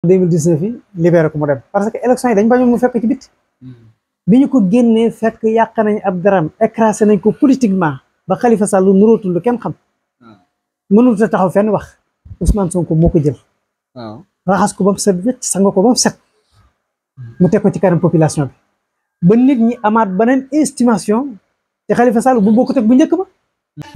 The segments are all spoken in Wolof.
2019 yi libéré ko mu dem parce que élection yi dañ bañu mu fekk ci bit bi ñu ko génnee fekk yàq nañ ab daram écrasé nañ ko politiquement ba Khalifa Sall lu nurootul lu kenn xam ah. mënut a taxaw fenn wax Ousmane ko moo ko jël ah. raxas ko ba mu set wecc sanga ko ba set mu teg ko ci kanam population bi ba nit ñi amaat beneen estimation te Khalifa Sall bu bokkut ak bu njëkk ba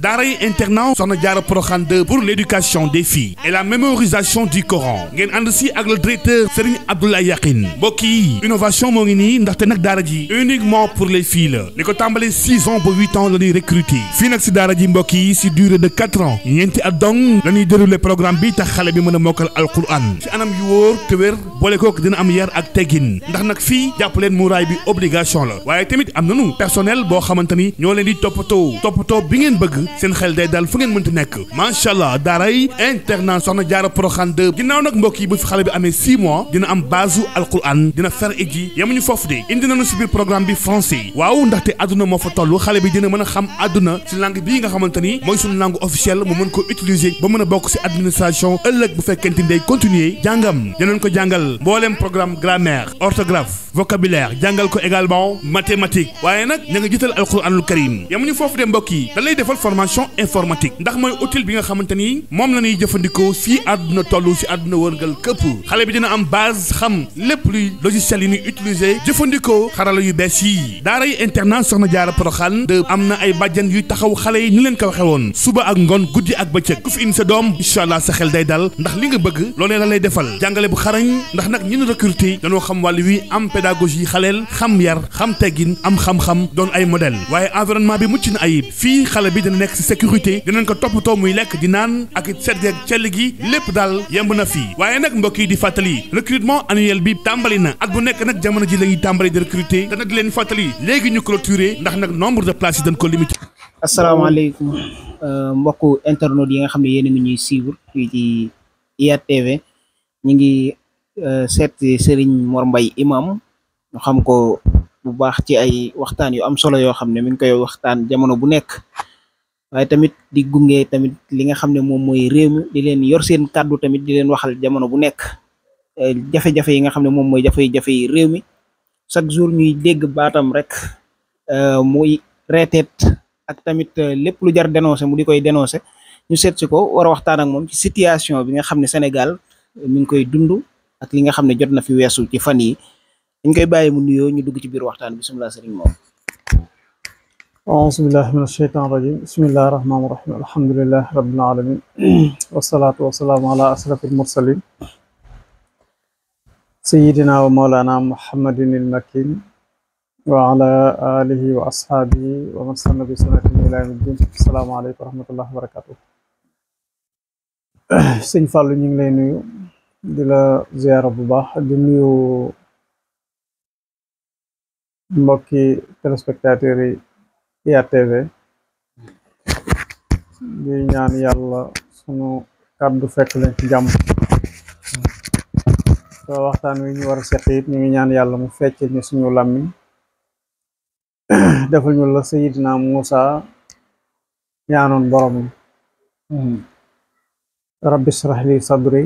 daara yi internat soxna jaara Porokhane 2 pour l'éducation des filles et la mémorisation du Coran ngeen ànd si ak le directeur Serigne Abdoulaye Yaqin mbokk innovation moo ngi nii ndaxte nag daara ji uniquement pour les filles la li ko tàmbalee six ans ba huit ans la ñuy recruter fii nag si daara ji mbokk yi si de quatre ans ñeenti at dong la ñuy dérouler programme bi tax xale bi mën a mokkal alquran si anam yu wóor te wér boole kook dina am yar ak teggin ndax nag fii jàpp leen muraay bi obligation la waaye tamit am nanu personnel boo xamante ni ñoo leen di toppatoo toppatoo bi ngeen bëgg seen xel day dal fu ngeen mënti nekk macha daaray internat soxna jaara poroxaan de ginnaaw nag mbokk yi bu fi xale bi amee 6 mois dina am base alquran dina fer iji yemuñu foofu de indi nañu si biir programme bi français waaw ndaxte adduna moo fa toll xale bi dina mën a xam adduna si langue bii nga xamante ni mooy suñu langue officielle mu mën ko utiliser ba mën a bokk si administration ëllëg bu fekkente ni day continuer jàngam dinañ ko jàngal mbooleem programme grammaire orthographe vocabulaire jàngal ko également mathématique waaye nag ña nga jiital alquranul karim defal formation informatique ndax mooy outil bi nga xamante ni moom la ñuy jëfandikoo fii àdduna toll si àdduna wërngal këpp xale bi dina am base xam lépp luy logiciel yi ñuy utiliser jëfandikoo xarala yu bees yi daara yi internat soxna jaara poroxaan de am na ay bàjjan yuy taxaw xale yi ni leen ko waxe woon suba ak ngoon guddi ak bëccëg ku fi indi sa doom incha allah sa xel day dal ndax li nga bëgg loolee la lay defal jàngale bu xarañ ndax nag ñi ñu recruter dañoo xam wàll wi am pédagogie xaleel xam yar xam teggin am xam-xam ay modèle dina nekk ci sécurité dinañ ko toppatoo muy lekk di naan ak set geeg cell gi lépp daal yemb na fii waaye nag mbokk yi di fàttali recrutement annuel bi tàmbali na at bu nekk nag jamono ji la ñuy tàmbali di recruter te nag di leen fàttali léegi ñu clôturer ndax nag nombre de places yi dañ ko limité. asalaamaaleykum euh, mbokku internautes yi nga xam ne yéen a ngi ñuy suivre fii ci IATV ñu ngi euh, seet Serigne Mor mbay imam ñu xam ko bu baax ci ay waxtaan yu am solo yoo xam ne mi ngi koy waxtaan jamono bu nekk. waaye tamit di gunge tamit li nga xam ne moom mooy réew mi di leen yor seen kàddu tamit di leen waxal jamono bu nekk eh, jafe-jafe yi nga xam ne moom mooy jafe-jafe réew mi chaque jour ñuy dégg baatam rek eh, muy reeteet ak tamit eh, lépp lu jar dénoncé mu di koy dénoncé ñu seet si ko wara a waxtaan ak moom ci situation bi nga xam ne Sénégal mi ngi koy dund ak li nga xam ne jot na fi weesu ci fan yi dañ koy bàyyi mu nuyoo ñu dugg ci biir waxtaan bi bisimilah sëriñ moom aousubillah min asheytan irajim bismillahi irahmani irahim alhamdulilahi rabbil alamin wasalaatu wasalaamu ala ashrafil mursalin sayidina wa maulana muhammadin ilmakin wa ala alihi wa ashaabihi wa man sanna bi sunnatin ila yawmi ddin assalaamu aleykum wa rahmatullahi wa barakatuh sëñ Fàllu ñu ngi lay nuyu di la ziyaara bu baax di nuyu mbokki téléspectateurs yi IYTV di ñaan yàlla sunu kàddu fekk leen ci jàmm so waxtaan wi ñu war a seq ñu ñaan yàlla mu feccel ñu suñu làmmiñ defal la Sayidina Muusa ñaanoon borom hmm. rabbi shrah li sadri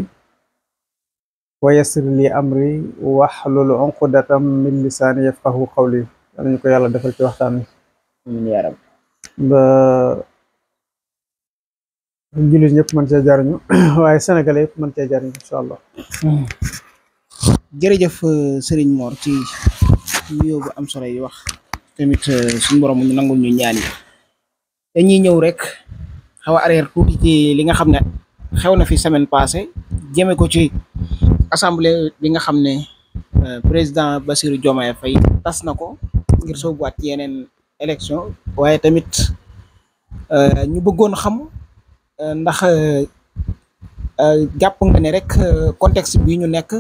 wa yassir li amri wahlul uqdatam min lisaani yafqahu qawli yal nañu ko yàlla defal ci waxtaan wi yaa rab ba jullit ñëpp mën cee jariñu waaye sénégalais yëpp mën cee jariñu incha allah jërëjëf euh, Serigne ci nuyoo bu am solo yi wax tamit euh, suñu borom ñu nangul ñu ñaan yi dañuy ñëw rek xaw a arrière li nga xam ne xew na fi semaine passée jëme ko ci assemblée li nga xam ne euh, président Bassirou Diomaye Faye tas na ko ngir soobuwaat yeneen élection waaye tamit euh, ñu bëggoon xam euh, ndax euh, jàpp nga ne rek contexte bi ñu nekk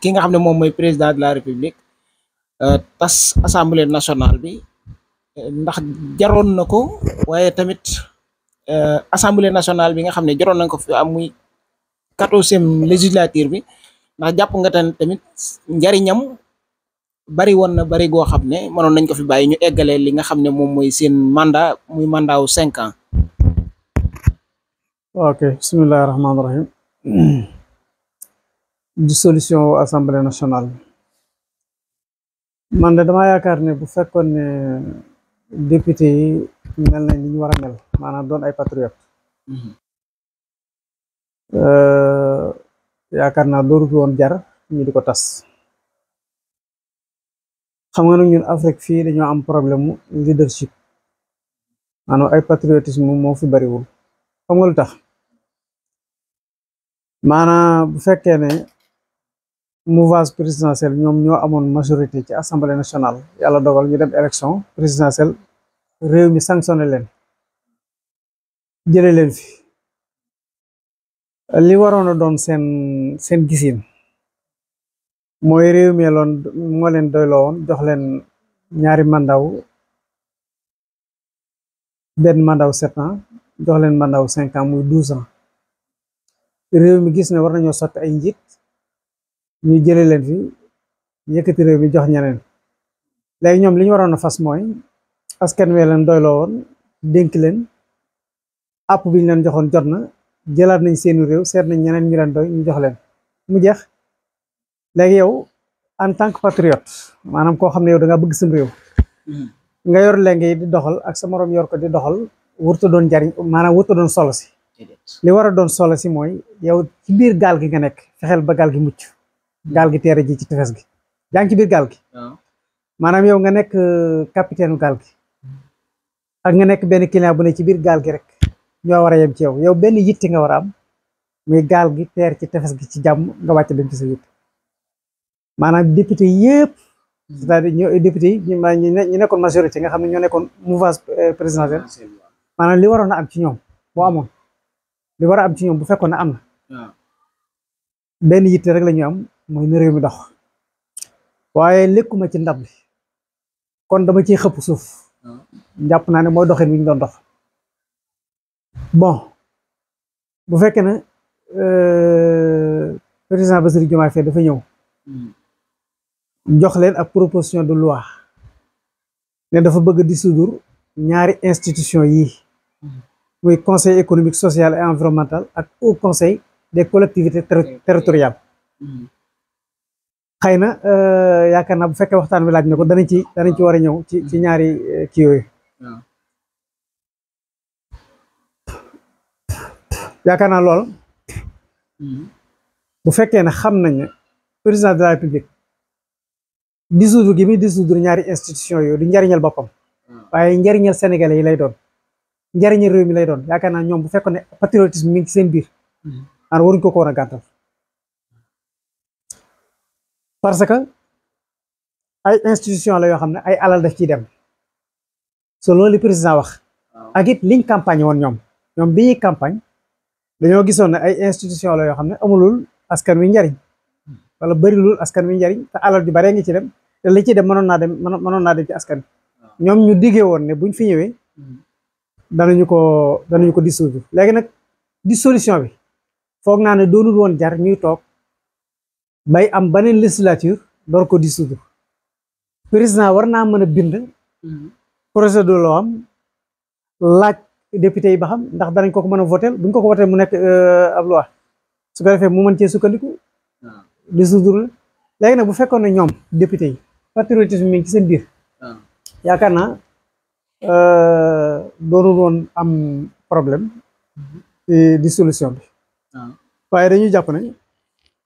ki nga xam ne moom mooy président de la république tas assemblée nationale bi ndax jaroon na ko waaye tamit assemblée national bi nga xam ne jaroon nañ ko fi am muy quatorzième législature bi ndax jàpp nga tan tamit njariñam bari woon na bari goo xam ne manoon nañ ko fi bàyyi ñu eggalee li nga xam ne moom mooy seen mandat muy mandat cinq ans. ok bisimilah rahmaani rahim dissolution wu assemblée nationale man de damaa yaakaar ne bu fekkoon ne député yi mel nañ li ñu war a mel maanaam doon ay patriote mhm. euh, yaakaar naa doorutu woon jar ñu di ko tas. xam nga nag ñun Afrique fii dañoo am problème mu leadership ano ay patriotisme moo fi bariwul xam nga lu tax maanaam bu fekkee ne mouvance présidentielle ñoom ñoo amoon masorité ci assemblée nationale yàlla dogal ñu dem élection présidentielle réew mi sanctionné leen jële leen fi li waroon a doon seen seen gisin mooy réew mi loon moo leen doyloo woon jox leen ñaari mandaw benn mandaw sept ans jox leen mandaw cinq ans muy douze ans réew mi gis ne war nañoo sotti ay njiit ñu jële leen fi yëkkati réew mi jox ñeneen léegi ñoom li ñu waroon fas mooy askan wee leen doyloo woon dénk leen app biñ ñu leen joxoon jot na jëlaat nañ seeni réew seet nañ ñeneen ñu leen doy ñu jox leen mu jeex léegi yow en tant que patriote maanaam koo xam ne yow da nga bëgg sam réew nga yor lenge di doxal ak sa morom yor ko di doxal wurta doon jariñ maanaam wurta doon solo si li war a doon solo si mooy yow ci biir gaal gi nga nekk fexeel ba gaal gi mucc gaal gi teer ji ci tefes gi yaa ngi ci biir gaal gi maanaam yow nga nekk euh, capitaine gaal gi ak nga nekk benn client bu ne ci biir gaal gi rek ñoo war a yem ci yow yow benn yitti nga war a am muy gaal gi teer ci tefes gi ci jàmm nga wàcc dem ci sa yitt maanaam député yëpp c'est-à-dire ñoo député yi ñu nekkoon majorité nga xam ne ñoo nekkoon mouvance euh, présidentielle maanaam li waroon na am ci ñoom bu amoon li war a am ci ñoom bu fekkoon na am na ah. benn yitte rek la am mooy ne réew mi dox waaye lekkuma ci ndab li kon dama ci xëpp suuf ah. jàpp naa ne mooy doxin wi ñu doon dox bon bu fekkee ne euh, président Bassirou Diomaye Faye dafa ñëw hmm. jox leen ak proposition de loi ne dafa bëgg di dissoudre ñaari institution yi muy conseil économique social et environnemental ak haut conseil des collectivités territoriales hmm. xëy na euh, yaakaar naa bu fekkee waxtaan wi laaj na ko danañ ci danañ ci war a ñëw ci ci ñaari euh, kii yooyu hmm. yaakaar naa lool hmm. bu fekkee ne xam nañ ne président de la république dissoudre gi muy dissoudre ñaari institution yooyu du njariñal boppam hmm. waaye njariñal sénégalais yi lay doon njariñal réew mi lay doon yaakaar naa ñoom bu fekkoon ne patriotisme mi ngi ci seen biir hmm. an waruñ ko ko woon a gàntal parce que ay institution la yoo xam ne ay alal daf ciy dem so loolu li président wax hmm. ak it liñ campagne woon ñoom ñoom bi ñuy campagne dañoo gisoon ne ay institution la yoo xam ne amulul askan wi njariñ wala bërilul askan wi njariñ te alal ju bare ngi ci dem te li ci dem mënoon naa dem mënoon naa dem ci askan ñoom ñu diggee woon ne buñ fi ñëwee danañu ko danañu ko dissoudre léegi nag dissolution bi foog naa ne doonul woon jar ñuy toog bay am beneen législature door ko dissoudre président war naa mën a bind projet de loi am laaj député yi ba xam ndax danañ ko ko mën a voter buñ ko ko mu nekk euh, ab loi su ko defee mu mën cee sukkandiku ah. dissoudre léegi nag bu fekkoon ne ñoom député yi patriotisme mi ngi ci seen biir ah. yaakaar na euh, doonul woon am problème di solution bi ah. waaye dañuy jàpp nañ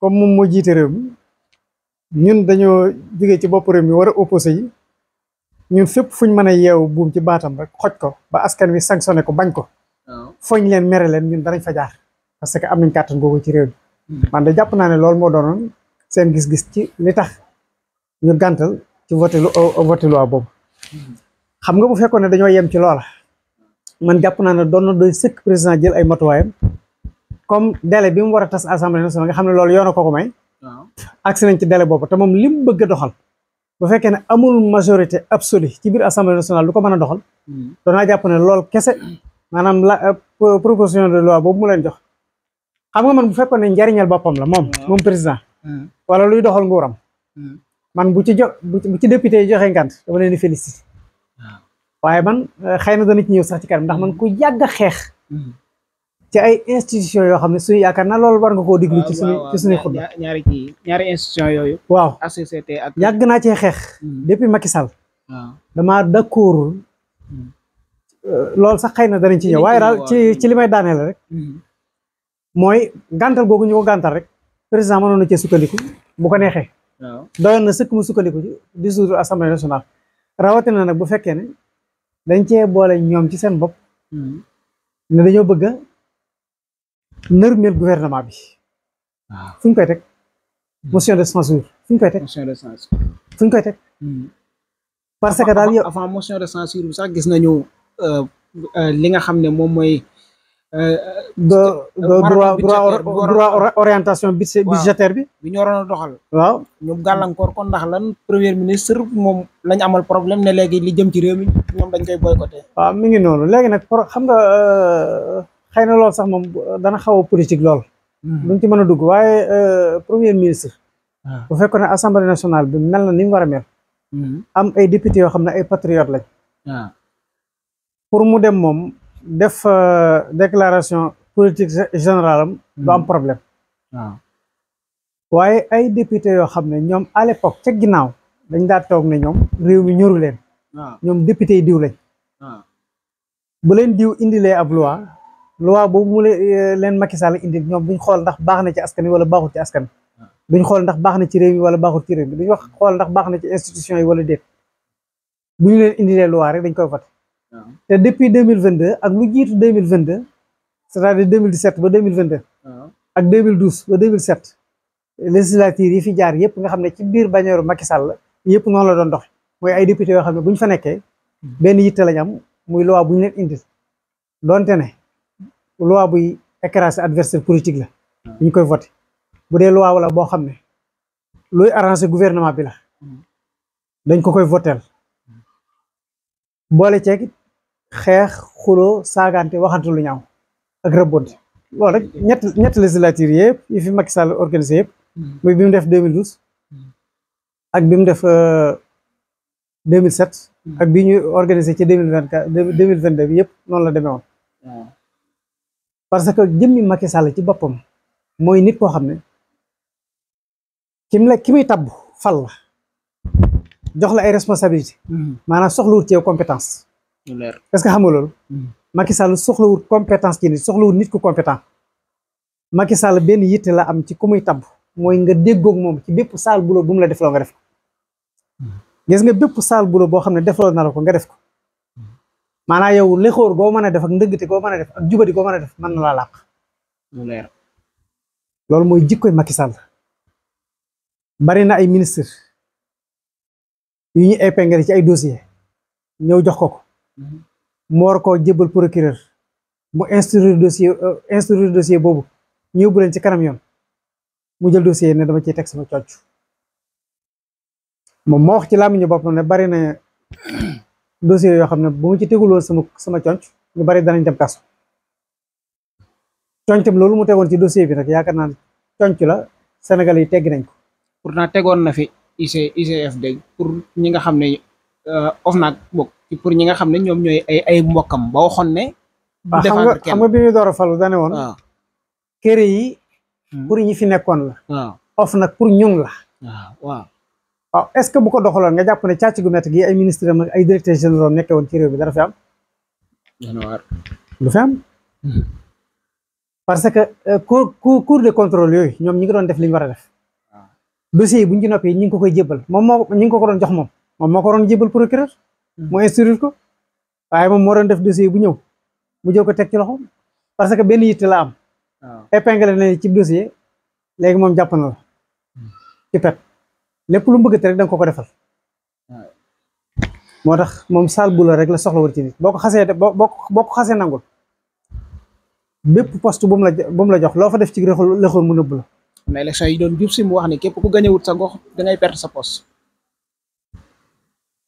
comme moom moo jiite réew mi ñun dañoo jóge ci bopp réew mi war a opposé yi ñun fépp fuñ mën a yeew buum ci baatam rek xoj ko ba askan wi sanctionné ko bañ ko ah. foñ leen mere leen ñun darañ fa parce que am nañ kàttan googu ci réew mi hmm. man de jàpp naa ne loolu moo doonoon seen gis-gis ci li tax ñu gàntal ci voté euh, voté xam nga bu fekkoon ne dañoo yem ci loola man jàpp naa ne doon na doy sëkk président jël ay matuwaayam comme délai bi mu war a tas assemblée nationale nga xam ne loolu yoona a ko ko may. agsi nañ ci délai boobu te moom li bëgg a doxal. bu fekkee ne amul majorité absolue ci biir assemblée nationale lu ko mën a doxal. Hmm. danaa jàpp ne loolu kese maanaam la euh, proposition de loi boobu mu leen jox. xam nga man bu fekkoon ne njariñal boppam la moom. moom man bu ci jo bu ci député yi ngant dama leen di félicité ah. waaye man eh, xëy na dana ci ñëw sax ci kanam ndax man ku yàgg a xeex hmm. ci ay institution yoo xam ne suñu yaakaar na loolu war nga koo diglu ci suñu ci suñuy ñaari kii ñaari institution yooyu waaw ACCT ak yàgg naa cee xeex hmm. depuis Macky Sall ah. damaa d'accordul hmm. eh, loolu sax xëy na danañ ci ñëw waaye daal ci ci li may daaneel rek mooy gàntal googu ñu ko gàntal rek président mënoon na cee sukkandiku bu ko neexee doyoon na sëkk mu sukkandiku ci dissoudre assemblée nationale rawatina nag bu fekkee ne dañ cee boole ñoom ci seen bopp hmm. ne dañoo bëgg a nërmeel gouvernement bi waaw ah. fu ñu koy teg motion de censure fu koy teg motion de censure fu ñu koy teg hmm. parce que daal yow avant motion de censure bi sax gis nañu euh, euh, li nga xam ne moom mooy Euh, euh, euh, droit orientation budgétaire bi bi ñu waroon a doxal waaw ñu gàllankoor kon ndax lan premier ministre moom lañ amal problème ne léegi li jëm ci réew mi ñoom dañ koy boycotté waaw mu ngi noonu léegi nag xam nga xëy na loolu sax moom dana xaw a politique lool hmm. duñ ci mën a dugg waaye premier ministre ah. bu fekkoon ne assemblée nationale bi mel na ni mu war a mel hmm. am ay député yoo xam ne ay patriote lañ ah. pour mu dem moom def euh, déclaration politique générale am du am hmm. problème ah. waaye ay député yoo xam ne ñoom à l'époque ca ginnaaw dañ daa toog ne ñoom réew mi ñoru leen ah. ñoom député yi diw lañ ah. bu leen diw indilee ab loi loi boobu mu euh, leen Macky Sall indil ñoom duñ xool ndax baax na ci askan wi wala baaxul ci askan duñ xool ndax baax na ci réew mi wala baaxul ci réew mi duñ wax xool ndax baax na ci institution yi wala déet bu ñu leen indilee loi rek dañ koy voté te depuis deux mille vingt deux ak lu jiitu deux mille vingt deux c'est-à-dire deux mille dix sept vingt deux ak deux mille douze ba deux mille sept législature yi fi jaar yëpp nga xam ne ci biir bañeeru Macky Sall yëpp noonu la doon dox mooy ay député yoo xam ne bu ñu fa nekkee benn yitte lañ am muy loi bu ñu leen indil donte ne loi buy écraser adversaire politique la ñu koy voté bu dee loi wala boo xam ne luy arranger gouvernement bi la hmm. dañ ko koy voteel hmm. boole ceeg xeex xuloo saagante waxante lu ñaaw ak rëbbonte loolu rek ñett ñett législature yëpp yi fi Macky Sall organisé yëpp hmm. muy bi mu def 2012 ak bi mu def 2007 euh, hmm. ak bi ñuy organisé ci 2024 2022 bi yëpp noonu la demee woon hmm. parce que jëmmi Macky Sall ci boppam mooy nit koo xam ne kim la ki muy tabb fal la jox la ay responsabilité maanaam soxlawut ci yow compétence est-ce que xam nga loolu. Hmm. Macky Sall soxlawul compétence ci nit soxlawul nit ku compétent Macky Sall benn yitte la am ci ku muy mooy nga déggoog moom ci bépp saal buloo bu mu la defloo nga def ko hmm. nga bépp saal buloo boo xam ne defloo na la ko nga def ko hmm. maanaam yow lexóor goo mën a def ak ndëggte goo mën a def ak jubadi goo mën a def mën na laa làq loolu mooy jikkoy Macky Sall bari na ay ministre yu ñu épinglé ci ay dossier ñëw jox ko ko mu war koo jébbal procureur mu instruire dossier euh, instruire dossier boobu ñu yóbbu leen ci kanam yoon mu jël dossier ne dama ci teg sama cocc moom moo wax ci làmmiñu boppam ne bari na dossier yoo xam ne bu mu ci tegul woon sama conc ñu bari danañ dem kaso concam loolu mu tegoon ci dossier bi nag yaakaar naa ne conc la Sénégal yi teggi nañ ko pourtant tegoon na fi IC ICF pour ñi nga xam ne euh, OFNAC bokk ci pour ñi nga xam ne ñoom ñooy ay ay mbokkam ba waxoon ne. bu défendre xam nga bi ñu door a falu dane woon. waaw ah. kër yi. Hmm. pour ñi fi nekkoon la. waaw ah. of nag pour ñun la. Ah, waaw waaw. est ce que bu ko doxaloon nga jàpp ne càcc gu métti ay ministres am ay directeurs généraux nekkee woon ci réew bi dara fi am. lu fi am. Hmm. parce que euh, cour cour de contrôle yooyu ñoom ñi ngi doon def li ñu war a def. dossier yi bu ñu ci noppee ñi ngi ko koy jëbal moom moo ñi ngi ko ko doon jox moom moom moo Hmm. mu instruire ko waaye moom moo doon def dossier bu ñëw mu jël ko teg ci loxo parce que benn yitte la am. épinglé na ci dossier léegi moom jàpp na la hmm. ci pet lépp lu mu bëgg te rek da ko ko defal. moo tax moom saal bu la rek la soxla war nit boo ko xasee boo boo ko xasee nangul bépp poste bu mu la la jox loo fa def ci rëxul rëxul mu nëbb la. mais yi doon jub si mu wax ni képp ku gañewut sa gox da ngay sa post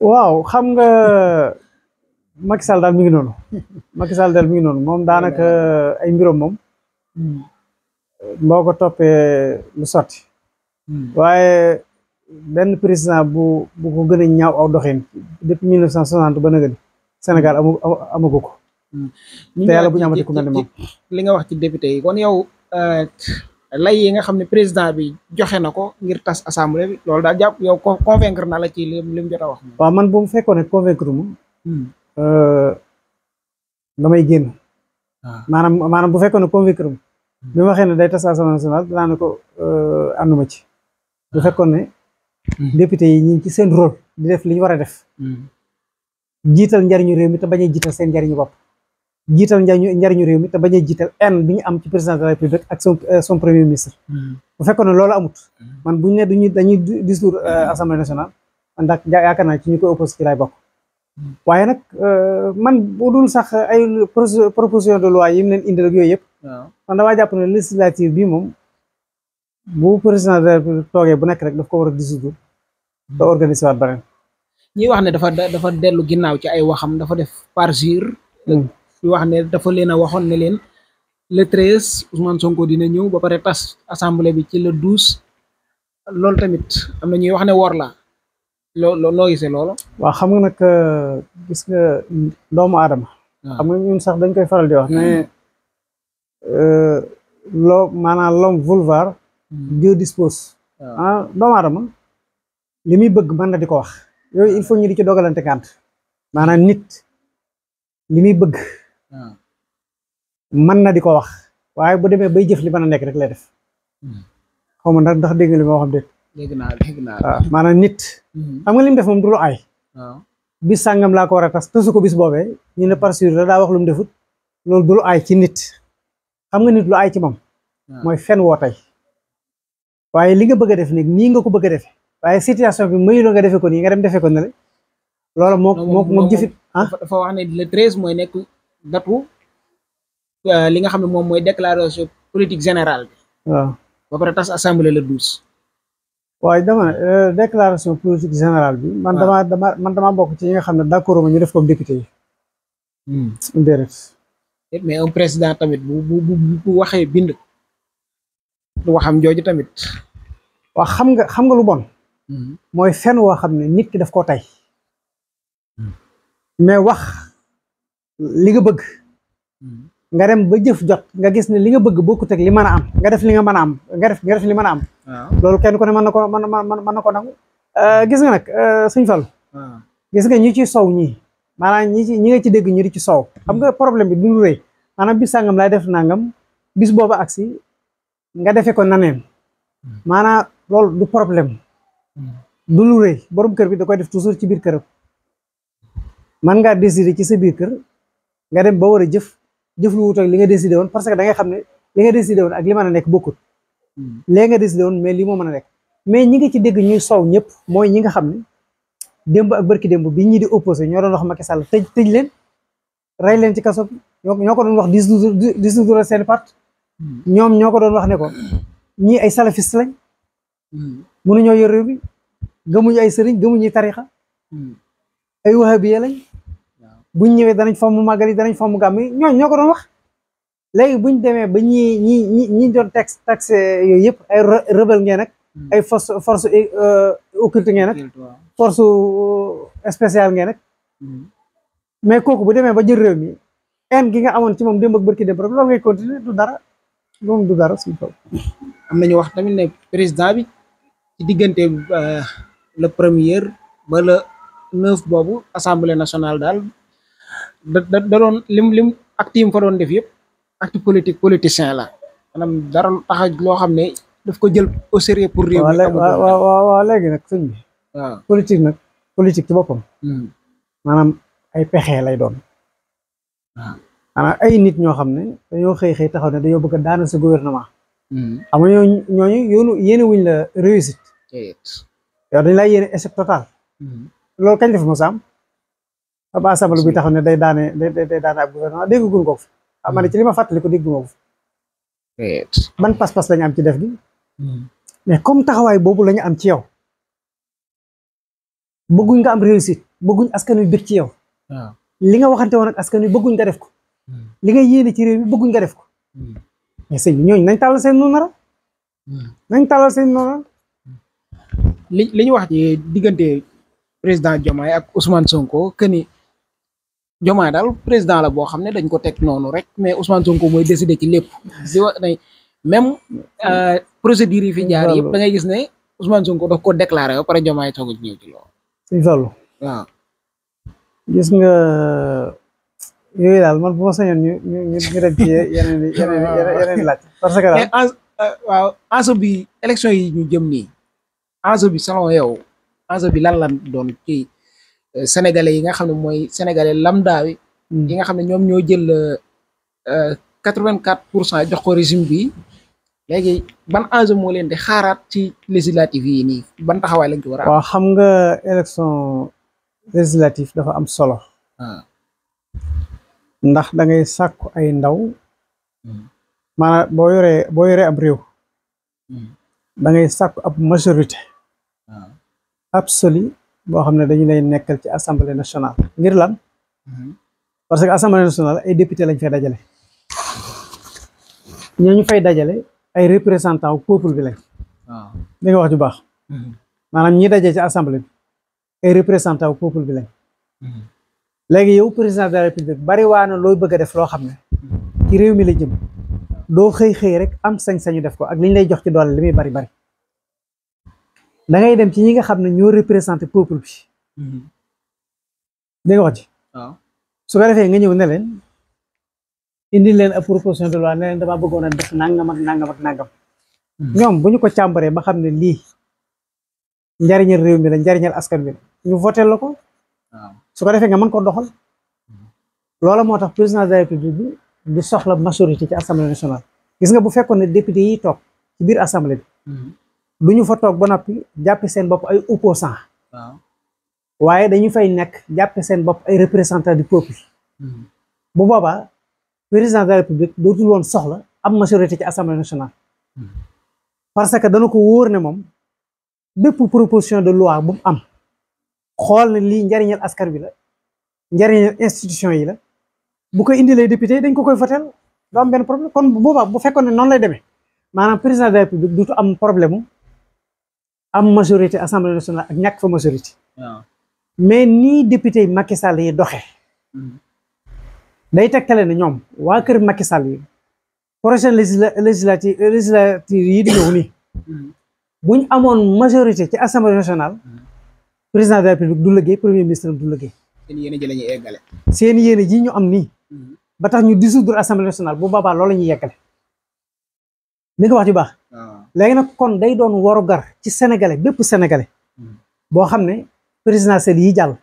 waaw xam nga Macky Sall daal mi ngi noonu Macky Sall daal mi ngi noonu moom daanaka ay mbirom moom hmm. boo ko toppee lu sotti hmm. waaye benn président bu bu ko gën ñaaw aw doxin depuis mille neuf cent soixante ba nagani Sénégal amu amagu ko hmm. te yàlla bu ñu amati ku mel ni li nga wax ci yi kon yow euh, lay yi nga xam ne président bi joxe na ko ngir tas assemblée bi loolu daal jàpp yow convaincre na la ci li li mu jot a wax. waaw man bu mu fekkoon ne convaincre mu. Hmm. Euh, damay génn. Ah. maanaam maanaam bu fekkoon ne convaincre mu. Hmm. bi waxee ne day tas assemblée nationale dinaa ne ko euh, ànduma ci. bu ah. fekkoon ne. Hmm. député yi ñu ngi ci seen rôle. di def li ñu war a def. jiital njariñu réew mi te bañ a jiital seen njariñu bopp. jiital njariñu njariñu réew mi te bañ a jiital haine bi ñu am ci président de la république ak son euh, son premier ministre. Hmm. bu fekkoon ne loolu amut. Hmm. man bu ñu nee duñu dañuy discours euh, assemblée nationale ndax yaakaar naa ci ñu koy opposé ci laay bokk. Hmm. waaye nag euh, man bu dul sax ay proposition de loi yi leen indil ak yooyu yëpp. man damaa jàpp ne législative bi moom bu président de la république toogee bu nekk rek daf ko war a dissoudre te organiser waat beneen. ñuy wax ne dafa dafa dellu ginnaaw ci ay waxam dafa def parjure. fi wax ne dafa leen a waxoon ne leen le treize Ousmane Sonko dina ñëw ba pare tas assemblée bi ci le douze loolu tamit am na ñuy wax ne wor la loo loo gisee loolu. waa xam nga nag euh, gis nga doomu aadama. xam nga ñun sax dañ koy faral di wax ne hmm. euh, loo maanaam l'homme vouloir hmm. Dieu dispose. ah doomu aadama li muy bëgg mën na di ko wax yooyu il faut ñu di ci dogalante kànt maanaam nit li muy bëgg. Ah. man na di ko wax waaye bu demee bay jëf li mën a nekk rek lay def hmm. xaw ma ndax dégg nga li ma wax déet. dégg naa ah, maanaam nit. Hmm. xam nga li mu def moom du lu ay. Ah. bis sàngam laa ko war a tas tasu ko bis boobee ñu ne par daa wax lu mu defut loolu du lu ci nit xam nga nit lu ay ci moom. mooy fen woo tey waaye li nga bëgg def nag nii nga ko bëgg def waaye situation bi mayu la nga defee ko nii nga dem defee ko ne la moo moo moom jëfit ah dafa wax ne le treize mooy nekk. datu euh, li nga xam ne moom mooy déclaration politique générale bi waaw ba pare tas le douze waaye dama euh, déclaration politique générale bi man dama dama man dama bokk ci ñi nga xam ne d'accord ma ñu def comme député yi hmm. déedéet mais un président tamit bu bu bu waxee bind lu waxam jooju tamit waa xam nga xam nga lu bon hmm. mooy fen woo xam ne nit ki def koo tey hmm. mais wax li nga bëgg hmm. nga dem ba jëf jot nga gis ne li nga bëgg bokkut ak li mën a am nga def li nga am nga def nga li mën a am loolu kenn ku ne mën na ko mën mën na ko nangu euh, gis nga nag euh, suñ gis nga ñi ci sow ñi maanaam ñi ci ñi nga ci dégg ñu di ci sow xam ga problème bi du lu rëy maanaam bis sàngam lay def nangam bis boobu agsi nga defe ko naneen hmm. maanaam loolu du problème hmm. du lu rëy borom kër bi da ko def toujours ci biir këram man nga décider ci sa biir kër nga dem ba war a jëf jëf lu wut li nga deside woon parce que da ngay xam ne li nga décidé woon ak li mën a nekk bokkut hmm. léegi nga décidé woon mais lii moo mën a nekk mais ñi nga ci dégg ñuy sow ñëpp mooy ñi nga xam ne démb ak ki demb bi ñi di opposé ñoo doon wax Macky Sall tëj tëj leen rey leen ci kaso ñoo ko doon wax dissoudre seen parti hmm. ñoom ñoo ko doon wax ne ko ñii ay salafiste lañ hmm. mënuñoo yor réew bi gëmuñu ay sëriñ gëmuñu tarixa ay wahabiya lañ buñ ñëwee danañ fomm màggal yi danañ fomm gàmm yi ñooñu ñoo ko doon wax léegi buñ demee ba ñi ñi ñi ñi doon tax taxe yooyu yëpp ay rebelle ngeen nag hmm. ay force force euh, occulte ngeen nag force euh, spéciale ngeen rek hmm. mais kooku bu demee ba jël réew mi en gi nga amoon ci moom dem démb ak bërki dem rek loolu ngay continuer du dara loolu du dara suñ kaw am wax tamit ne président bi ci diggante euh, le premier ba le boobu assemblée nationale daal da da doon lim lim acte yi mu fa doon def yëpp acte politique politicien la maanaam dara taxa loo xam ne daf ko jël au sérieux pour réew mi waaw waaw léegi nag sëñ bi waaw politique nag politique ci boppam hmm. maanaam ay pexe lay doon maanaam ay nit ñoo xam ne dañoo xëy xëy taxaw ne dañoo bëgg a daana sa gouvernement hmm. xam nga ñooñu ñooñu yoonu yéene wuñ la réussite yow dañ lay yéene échec total hmm. loolu kañ def mos ab assemblée bi taxaw ne day daane day daane ab gouvernement dégguñ ko fi ah man ci li ma fàttali ko déggu ma ko fi ban pas-pas lañu am ci def gi hmm. mais comme taxawaay boobu lañu am ci yow bëgguñ nga am réussite bëgguñ askan wi bëgg ci yow ah. li nga waxante woon ak askan wi bëgguñ nga def ko hmm. li nga yéene ci réew mi bëgguñ nga def ko hmm. mais sëñ bi nañ tàllal seen noonu nañ tàllal seen noonu li li wax ci diggante président Diomaye ak Ousmane Sonko Diomaye daal président la boo xam ne dañ ko teg noonu rek mais Ousmane Sonko mooy décidé ci lépp si wax ne euh, yi fi jaar yëpp da ngay gis ne Ousmane Sonko daf ko déclaré yo pare Diomaye soog a ñëw ci daal man bu ma sañoon ñu ñu ñu ñu laaj. parce que daal mais euh, waaw enjeu bi élection yi ñu jëm nii enjeu bi selon yow enjeu bi lan la doon ci. sénégalais yi nga xam ne mooy sénégalais lambda wi hmm. yi nga xam ne ñoom ñoo jël quatre vingt quatre pour cent jox ko régime bi léegi ban enjeu moo leen di xaaraat ci législative yi nii ban taxawaay lañ ci war a waaw xam nga élection législative dafa am solo ah. ndax da ngay sàkku ay ndaw hmm. maanaam bo yoree boo yoree ab réew hmm. da ngay sàkku ab majorité ah. absolue boo xam ne dañu lay nekkal ci assemblée nationale ngir lan mhm. parce que assemblée nationale ay député lañ fay dajale ñooñu fay dajale ay représentants wu peuple bi lañ ah. da nga wax ju baax mhm. maanaam ñi dajee ci assemblée bi ay représentants wu bi lañ mhm. léegi yow président de la république bari waa na looy bëgg a def loo xam ne ci réew mi la jëm doo xëy xëy rek am sañ-sañu def ko ak li ñu lay jox ci doole li muy bari bari da ngay dem ci ñi nga xam ne ñoo représenté peuple bi. Mhm. dégg nga wax ji. waaw su ko defee nga ñëw ne leen indi leen ab proposition de loi ne leen damaa bëggoon a def nangam ak nangam ak nangam. Mhm. ñoom bu ñu ko càmbaree ba xam ne lii njariñal réew mi la njariñal askan bi la ñu voté la ko. su ko defee nga mën ko doxal. Mhm. loola moo tax président de la république bi di soxla majorité ci assemblée nationale gis nga bu fekkoon ne député yi toog ci biir assemblée bi. du ñu fa ba noppi jàppe seen bopp ay opposant waaye dañu fay nekk jàppe seen bopp ay représentant du peuple hmm. bu boobaa président de la république dootul woon soxla am majorité ci assemblée nationale hmm. parce que dana ko wóor ne moom bépp proposition de loi bu am xool ne lii njariñal askan bi la njariñal institution yi la bu koy indi lay député dañ ko koy foteel du am benn problème kon bu boobaa bu fekkoon ne noonu lay demee maanaam président de la république am problème am majorité assemblée nationale ak ñàkk fa majorité. mais nii député yi Macky Sall yi doxee. Hmm. day tegtale ne ñoom waa kër Macky Sall yi prochaine législative législative yi di ñëw nii. Hmm. bu ñu amoon majorité ci assemblée nationale. Hmm. président de la république du liggéey premier ministre du liggéey. seen yéene ji la ñuy eggale. seen yéene ji ñu am ni ba tax ñu dissoudre assemblée nationale bu boobaa lool la ñu yeggale. li nga wax ju baax léegi nag kon day doon warugar ci sénégalais bépp sénégalais hmm. boo xam ne président présidentielle yi jàll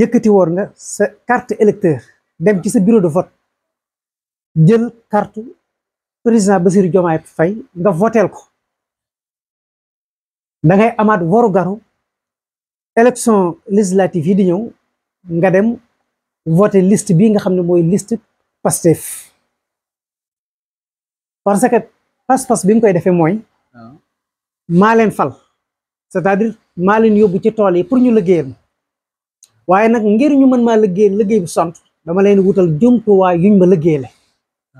yëkkati woon nga sa carte électeur dem ci sa bureau de vote jël carte président Bassirou Diomaye fay nga voteel ko da ngay amaat warugaru élection législative yi di ñëw nga dem voté liste bii nga xam ne mooy liste Pastef parce que pas-pas bi nga koy defee mooy ah. maa leen fal c'est-à-dire maa leen yóbbu ci tool yi pour ñu liggéeyal waaye nag ngir ñu mën maa liggéeyal liggéey bu sont dama leen wutal jumtuwaay yuñ ma liggéeyale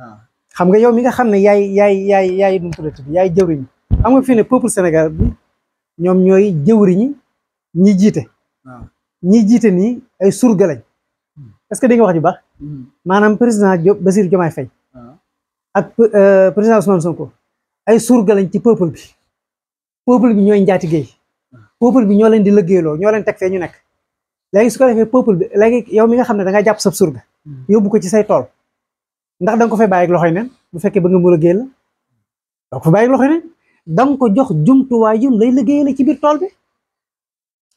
ah. xam nga yow mi nga xam ne yaay yaay yaay yaay nu mu tuddati bi yaay jëwriñ xam nga fii ne peuple Sénégal bi ñoom ñooy jëwriñi ñi jiite ah. ñi jiite nii ay surga lañ hmm. est que di wax ju ba hmm. maanaam président Basirou Diomaye fay ak euh, président Ousmane Sonko ay surga lañ ci peuple bi peuple bi ñooy njaati yi peuple bi ñoo leen di lëggéeyloo ñoo leen teg fee ñu nekk léegi su ko defee peuple bi léegi yow mi nga xam ne da jàpp sab surga hmm. yóbbu ko ci say tool ndax da ko fay bàyyi ak loxoy bu fekkee ba nga mu lëggéey la da bàyyi ak loxoy neen da ko jox jumtuwaay yum lay lëggéey ci biir tool bi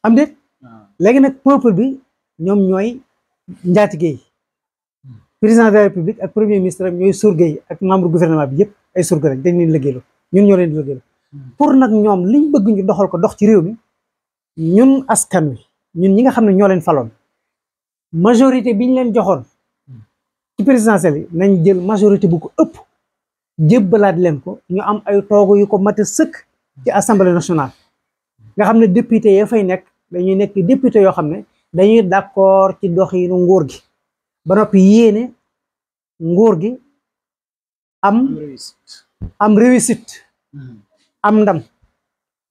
am déet hmm. léegi nag peuple bi ñoom ñooy njaatige yi hmm. président de la république ak premier ministre ñooy surga yi ak membre gouvernement bi yëpp ay surga lañ dañ leen liggéeylu ñun ñoo leen di liggéeylu pour nag ñoom liñ bëgg ñu doxal ko dox ci réew mi ñun askan wi ñun ñi nga xam ne ñoo leen faloon majorité biñ leen joxoon ci présidentielle nañ jël majorité bu ko ëpp jébbalaat leen ko ñu am ay toogu yu ko mat a sëkk ci assemblée nationale nga xam ne député ya fay nekk dañuy nekk député yoo xam ne dañuy d'accord ci doxinu nguur gi ba noppi yéene nguur gi am am hmm. am ndam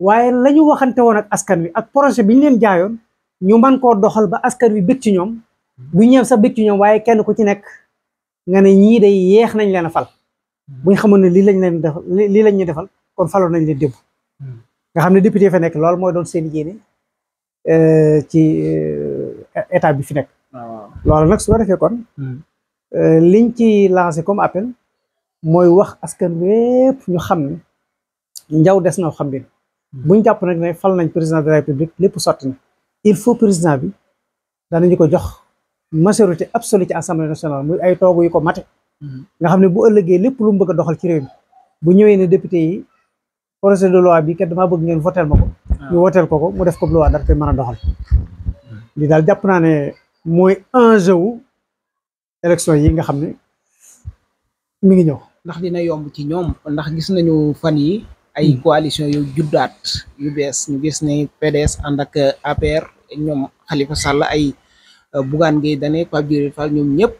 waaye lañu ñu waxante woon ak askan wi ak projet bi ñu leen jaayoon ñu man koo doxal ba askan wi bëgg ci ñoom hmm. bu ñëw sa bëgg ci ñoom waaye kenn ku ci nekk nga ne ñii day yeex nañ leen a fal hmm. buñ xamoon ne lii lañ leen def lii lañ ñu defal kon faloon nañ leen démb nga xam ne député fa nekk loolu mooy doon seen yéene euh, ci euh, état bi fi nekk ah, loolu nag su ko defee kon euh, liñ ci lancé comme appel mooy wax askan wépp ñu xam ne njaw des na xam bin hmm. buñ jàpp nag ne fal nañ président de la république lépp sotti il faut président bi danañu ko jox majorité absolue ci assemblée nationale muy ay toogu yu ko mate hmm. nga xam ne bu ëllëgee lépp lu mu bëgg a doxal ci réew bu ñëwee ne député yi projet de loi bi kat damaa bëgg ngeen votel ma ko ah. ñu votel ko ko mu def ko loi dara koy mën a doxal hmm. li daal jàpp naa ne mooy enjeu wu élection yi nga xam ne mi ngi ñëw ndax dina yomb ci ñoom ndax gis nañu fan yi ay hmm. coalition yu juddaat yu bees ñu gis ne PDS ànd ak euh, APR ñoom Khalifa Sall ay euh, Bougane Gueye Dany Pape ñoom ñëpp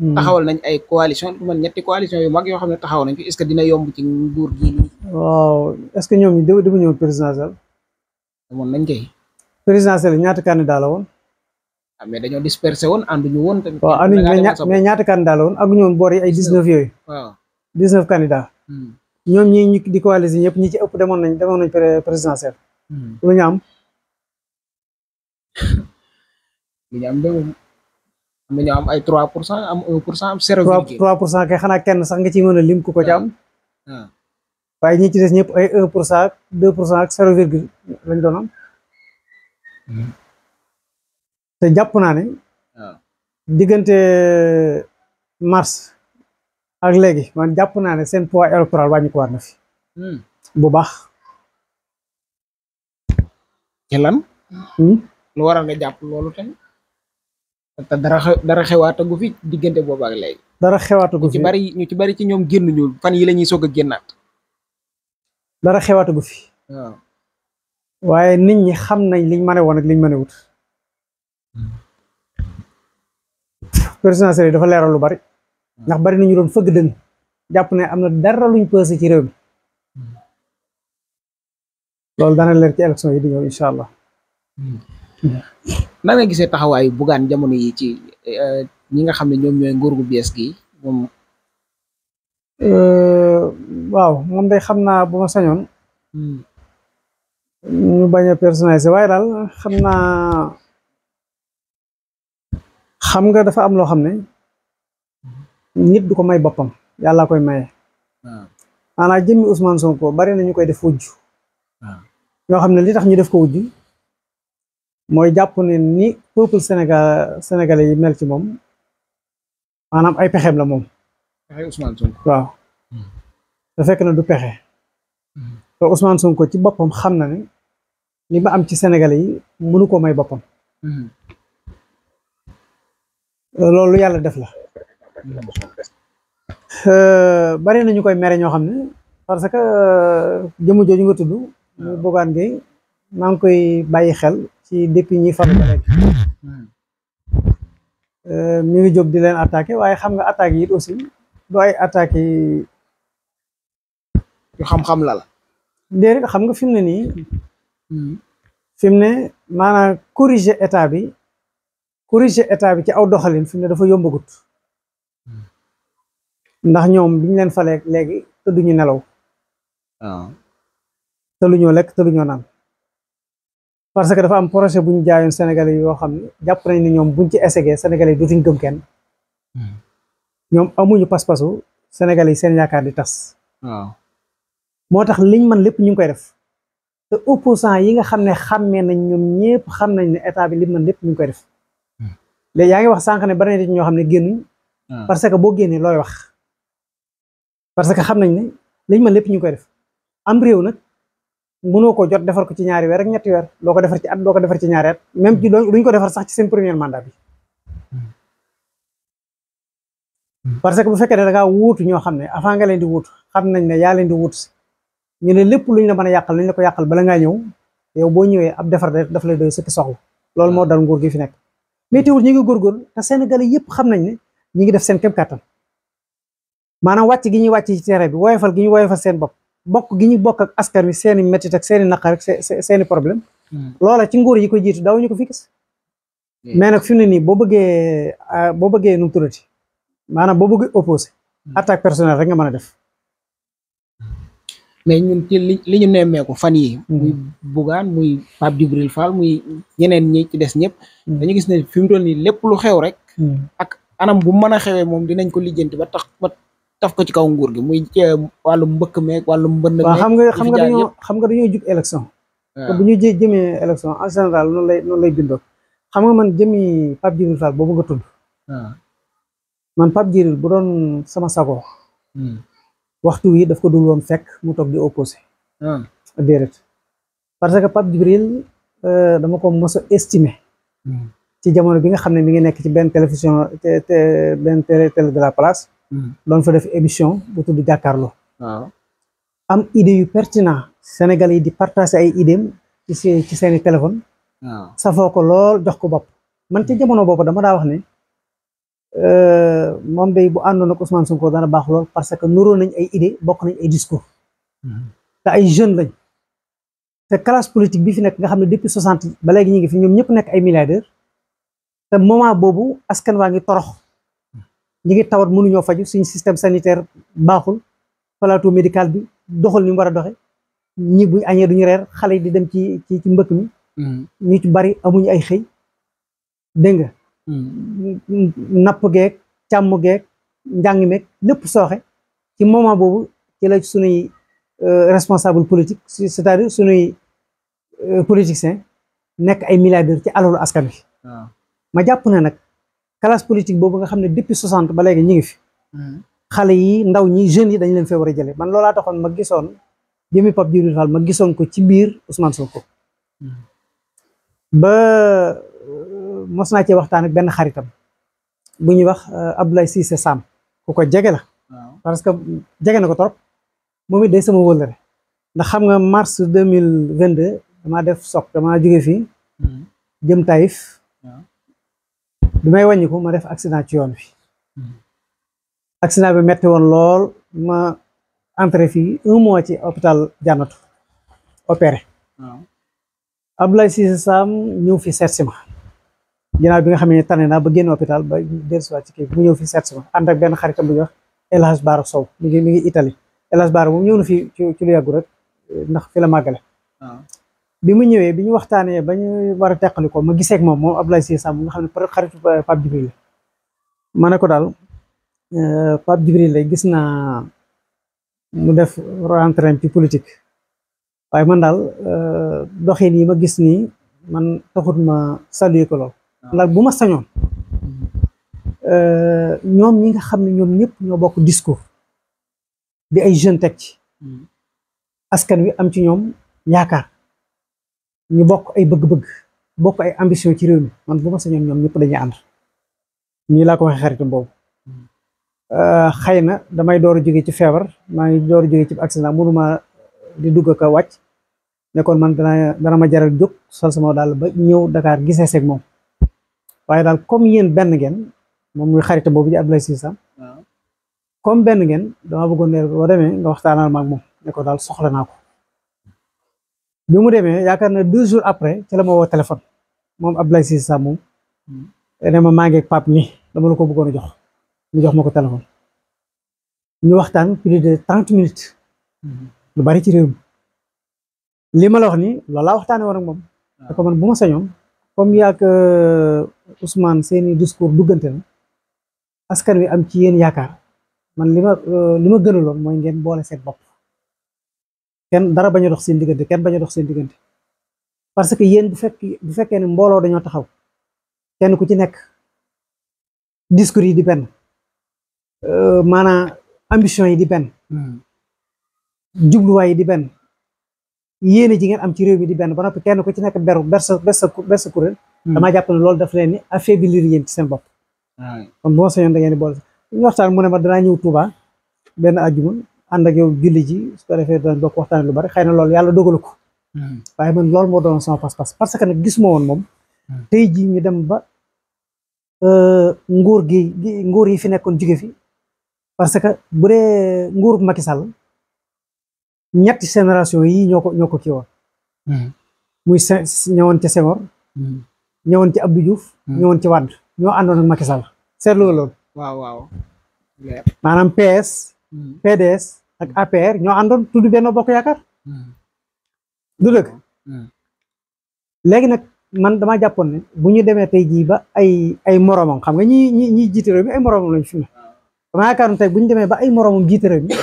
hmm. taxawal nañ ay coalition ñetti coalition yu mag yoo xam ne taxaw nañ ko est-ce que dina yomb ci nguur gi waaw est-ce que ñoom ñu dama dama ñëw présidentielle moom nañ koy présidentielle ñaata daal la woon ah mais dañoo dispersé woon ànduñu woon tamit waaw ànduñu mais ñaata candidat la woon amuñu woon boor yi ay 19 yooyu dix neuf candidats. Hmm. ñoom ñi ñu di coaliser ñëpp ñi ci ëpp demoon nañ demoon nañ présidentielle. Hmm. lu ñu am. ñu am am ay trois pour cent am un pour cent am zéro virgule kenn sax nga ciy mën a lim ku ko ci ah. Ah. waaye ñi ci des ñëpp ay un pour cent ak deux pour cent ak lañ doon am. Hmm. te jàpp naa ne. Ah. diggante euh, mars. ak léegi man jàpp naa ne seen poids électoral wàññi ko war na fi. Hmm. bu baax. lan. Hmm? lu waral nga jàpp loolu tamit. dara dara xewaatagu fi diggante boobu ak léegi. dara xewaatagu ñu ci bari ci ñoom génn ñu yi la ñuy soog a génnaat. dara xewaatagu fi. waaye nit ñi xam nañ liñ mën a woon ak liñ mën wut. Hmm. présidentiel yi dafa leeral lu bari. Hmm. ndax bari nañu doon fëgg dëng jàpp ne am na dara luñ pëse ci réew mi hmm. loolu dana leer ci élection yi di ñëw incha allah. Hmm. nan nga gisee taxawaayu buggaan jamono yi ci eh, ñi nga xam ne ñoom ñooy nguur gu bees gi moom. Eh, waaw moom day xam naa bu ma sañoon. ñu bañ a waaye daal xam naa xam nga dafa am loo xam ne. nit du ko may boppam yàlla koy maye. Ah. maanaam jëmmi Ousmane Sonko bari na ñu koy def wujj. ñoo ah. xam ne li tax ñu def ko wujj mooy jàpp ne ni peuple Sénégal sénégalais yi mel ci moom maanaam ay pexeem la moom. pexe Ousmane hmm. fekk na du pexe. Hmm. te Ousmane Sonko ci boppam xam na ne li ma am ci sénégalais yi mënu koo may boppam. Hmm. loolu yàlla def la. Euh, bari na ñu koy mere ñoo xam ne parce que euh, jëmm jooju nga tudd ah. mu Bougane Gueye maa ngi koy bàyyi xel ci depuis ñi faru ba léegi hmm. euh, mi ngi jóg di leen attaqué waaye xam nga attaques yi aussi du ay attaques yi yu xam-xam la la déedéet xam nga fi mu ne nii hmm. fi mu ne maanaam corriger état bi corriger état bi ci aw doxalin fi mu ne dafa yombagut ndax ñoom bi ñu leen falee léegi tëdduñu nelaw waaw ah. tëluñoo lekk tëluñoo naan parce que dafa am projet bu ñu jaayoon sénégalais yoo xam ne jàpp nañ ne ñoom buñ ci essayé sénégalais yi dootuñ gëm hmm. amuñu pas-pasu sénégalais yi seen yaakaar di tas ah. moo tax liñ man lépp ñu ngi koy def te opposant yi nga xam ne xàmmee nañ ñoom ñëpp xam nañ ne état bi liñ man lépp ñu ngi koy def hmm. léegi yaa ngi wax sànq ne bari na ci ñoo xam ne génn ah. parce que boo génnee looy wax parce que xam nañ ne liñ mën lépp ñu koy def am réew nag mënoo ko jot defar ko ci ñaari weer ak ñetti weer loo ko defar ci at loo ko defar ci ñaari at même ci duñ ko defar sax ci seen premier mandat bi hmm. parce que bu fekkee ne da ngaa ñoo xam ne avant nga leen di wuutu xam nañ ne yaa leen di wuutu ñu ne lépp luñ la mën a yàqal luñ la ko yàqal bala ngaa ñëw yow boo ñëwee ab defar rek daf lay doy sëkk soxla loolu moo dal nguur gi fi nekk mais teewul ñu ngi góorgóorlu te yëpp xam nañ ne ñu ngi def seen kéem kattan maanaam wàcc gi ñuy wàcc ci terrain bi woyofal gi ñu woyofal seen bopp bokk gi ñu bokk ak askan wi seeni métit ak seeni naqar ak seeni problème hmm. loola ci nguur yi ko jiitu daw ñu ko fi gis hmm. mais nag fi ne nii boo bëggee boo bëggee nu mu maanaam boo bëggee opposé hmm. attaque personnelle rek nga mën a ñun ci li li ñu nemmeeku fan yi muy Bougane muy Pape Djibril Fall muy ñeneen ñi ci des ñëpp dañu gis ne fi mu toll nii lépp lu xew rek ak anam bu mën a xewee moom dinañ ko lijjanti ba tax taf ko ci kaw nguur gi muy eh, wàllum mbëkk meeg wàllum mbënd meeg xam nga xam nga dañoo xam nga dañoo jub élection bu ñu jëmee élection en général noonu lay noonu lay bindoo xam nga man jëmi Pape Djibril Fall boobu nga tudd man Pape Djibril bu doon sama sago hmm. waxtu wi daf ko dul woon fekk mu toog di opposé ah. déedéet parce que Pape Djibril euh, dama ko mos a estimé hmm. ci jamono bi nga xam ne mi ngi nekk ci benn télévision benn télé de la place Hmm. loolu fa def émission bu tudd jàkkaarloo am idée yu pertinent Sénégal yi di partager ay idéem ci ci seeni téléphone safoo ko lool jox ko bopp man ci jamono boobu dama daa wax ne euh, moom day bu àndoon ak Ousmane Sonko dana baax lool parce que nuroo nañ ay idée bokk nañ ay discours hmm. te ay jeunes lañ te classe politique bi fi nekk nga xam ne depuis soixante ba léegi ñu ngi fi ñoom ñëpp nekk ay milliardaires te moment boobu askan waa ngi torox ñi ngi tawat mënuñoo faju suñ système sanitaire baaxul plateau médical bi doxul ni mu war a doxe ñi buñ añee duñu reer xale yi di dem ci ci ci mbëkk mi hmm. ñu ci bari amuñu ay xëy dégg nga hmm. napp geek càmm geek njàng meeg lépp sooxe ci moment boobu ci la suñuy euh, responsable politique c'est-à-dire suñuy euh, politiciens nekk ay milliardaires ci alalu askan wi ah. ma jàpp na nag classe politique boobu nga xam ne depuis 60 ba léegi ñu ngi fi. Hmm. xale yi ndaw ñi jeune yi dañ leen fee war a jëlee man loolaa taxoon ma gisoon jëmi Pape Djibril Fall ma gisoon ko ci biir Ousmane Sonko. Hmm. ba mos naa cee waxtaan ak benn xaritam bu ñuy wax euh, Abdoulaye Cissé Sam ku ko jege la. parce que jege na ko trop moom it day sama wëllëre ndax xam nga mars deux mille vingt deux damaa def soq damaa jóge fii. Hmm. jëm Taïf. bi may wàññiku ma def accident ci yoon bi accident bi metti woon lool ma entré fii un mois ci hôpital jànnatu opéré Abdoulaye Cissé Sam ñëw fi seet si ma ginnaaw bi nga xam ne tane naa ba génn hôpital ba dellusiwaat ci kii mu ñëw fi seet si ma ànd ak benn xaritam bu ñuy wax El Hadj Baara Sow mu ngi mi ngi Italie El Hadj Baara ñëw na fi ci lu yàggu rek ndax fi la màggale bi mu ñëwee bi ñu waxtaanee ba ñu war a teqali ko ma giseek ak moom moom Abdoulaye Sy Samb nga xam ne peut-être xaritu Pape Djibril ne ko daal euh, Pape Djibril la gis naa mu def rentrée politique waaye man daal euh, doxin yi ma gis nii man taxut ma saluer ko lool. Ah. ndax bu ma sañoon euh, ñoom ñi nga xam ne ñoom ñëpp ñoo bokk discours bi ay jeunes teg ci hmm. askan wi am ci ñoom yaakaar. ñu bokk ay bëgg-bëgg bokk ay ambition ci réew mi man bu ma sañoon ñoom ñëpp dañuy ànd ñii laa ko waxee xaritam boobu euh, xëy na damay door a jóge ci feebar maa ngi door a jóge ci accident mënuma di dugg ak a wàcc ne man dana dana ma jaral jóg sol sama daal ba ñëw Dakar gisee seeg moom waaye daal comme yéen benn ngeen moom muy xaritam boobu di Abdoulaye Cissé comme benn ngeen dama bëggoon ne boo demee nga waxtaanal ma ak moom ne ko daal soxla naa ko bi mu demee yaakaar na deux jours après ci la ma woo téléphone moom abla si Samb moom ne ma maa ngi ak Pape mi dama la ko bëggoon a jox mu jox ma ko téléphone ñu waxtaan plus de trente minutes lu bari ci réew li ma la wax ni loolu laa waxtaanee woon ak moom. da ah. man bu ma sañoon comme yaak euh, Ousmane seeni discours duggante na askan wi am ci yéen yaakaar man li ma euh, li ma gënaloon mooy ngeen boole seen bopp. kenn dara bañ dox seen diggante parce que yéen bu fekk bu fekkee ne mbooloo dañoo taxaw kenn ku ci nekk discours di benn euh, maanaam ambition yi di benn hmm. jubluwaay yi di benn yéene ji ngeen am ci réew mi di benn ba noppi kenn ku ci nekk beru bersa bersa bersa kuréel hmm. damaa jàpp ne loolu daf leen ni affaiblir yéen ci seen bopp kon bu ma sañoon da ngeen di ma danaa ñëw Touba benn ajjuma ànd ak yow julli su ko defee daan bokk waxtaan lu bari xëy na loolu yàlla dogalu hmm. waaye man loolu moo doon sama pas-pas parce que nag gis ma woon moom hmm. tey ji ñu dem ba euh, nguur gi nguur yi fi nekkoon jóge fi parce que bu dee nguur Macky Sall ñetti génération yi ñoo ko ñoo ko kii woon hmm. muy ñëwoon ci Senghor ñëwoon ci Abdou Diouf ñëwoon ci Wade ñoo àndoon ak Macky Sall seetlu loolu waaw waaw maanaam PS PDS ak APR ñoo àndoon tudd benn bokk yaakaar. Hmm. du dëgg. Hmm. léegi nag man damaa jàppoon ne bu ñu demee tey jii ba ay ay moromam xam nga ñi ñi ñiy jiite réew mi ay moromam lañ fi mu hmm. bu ñu demee ba ay moromam jiite réew mi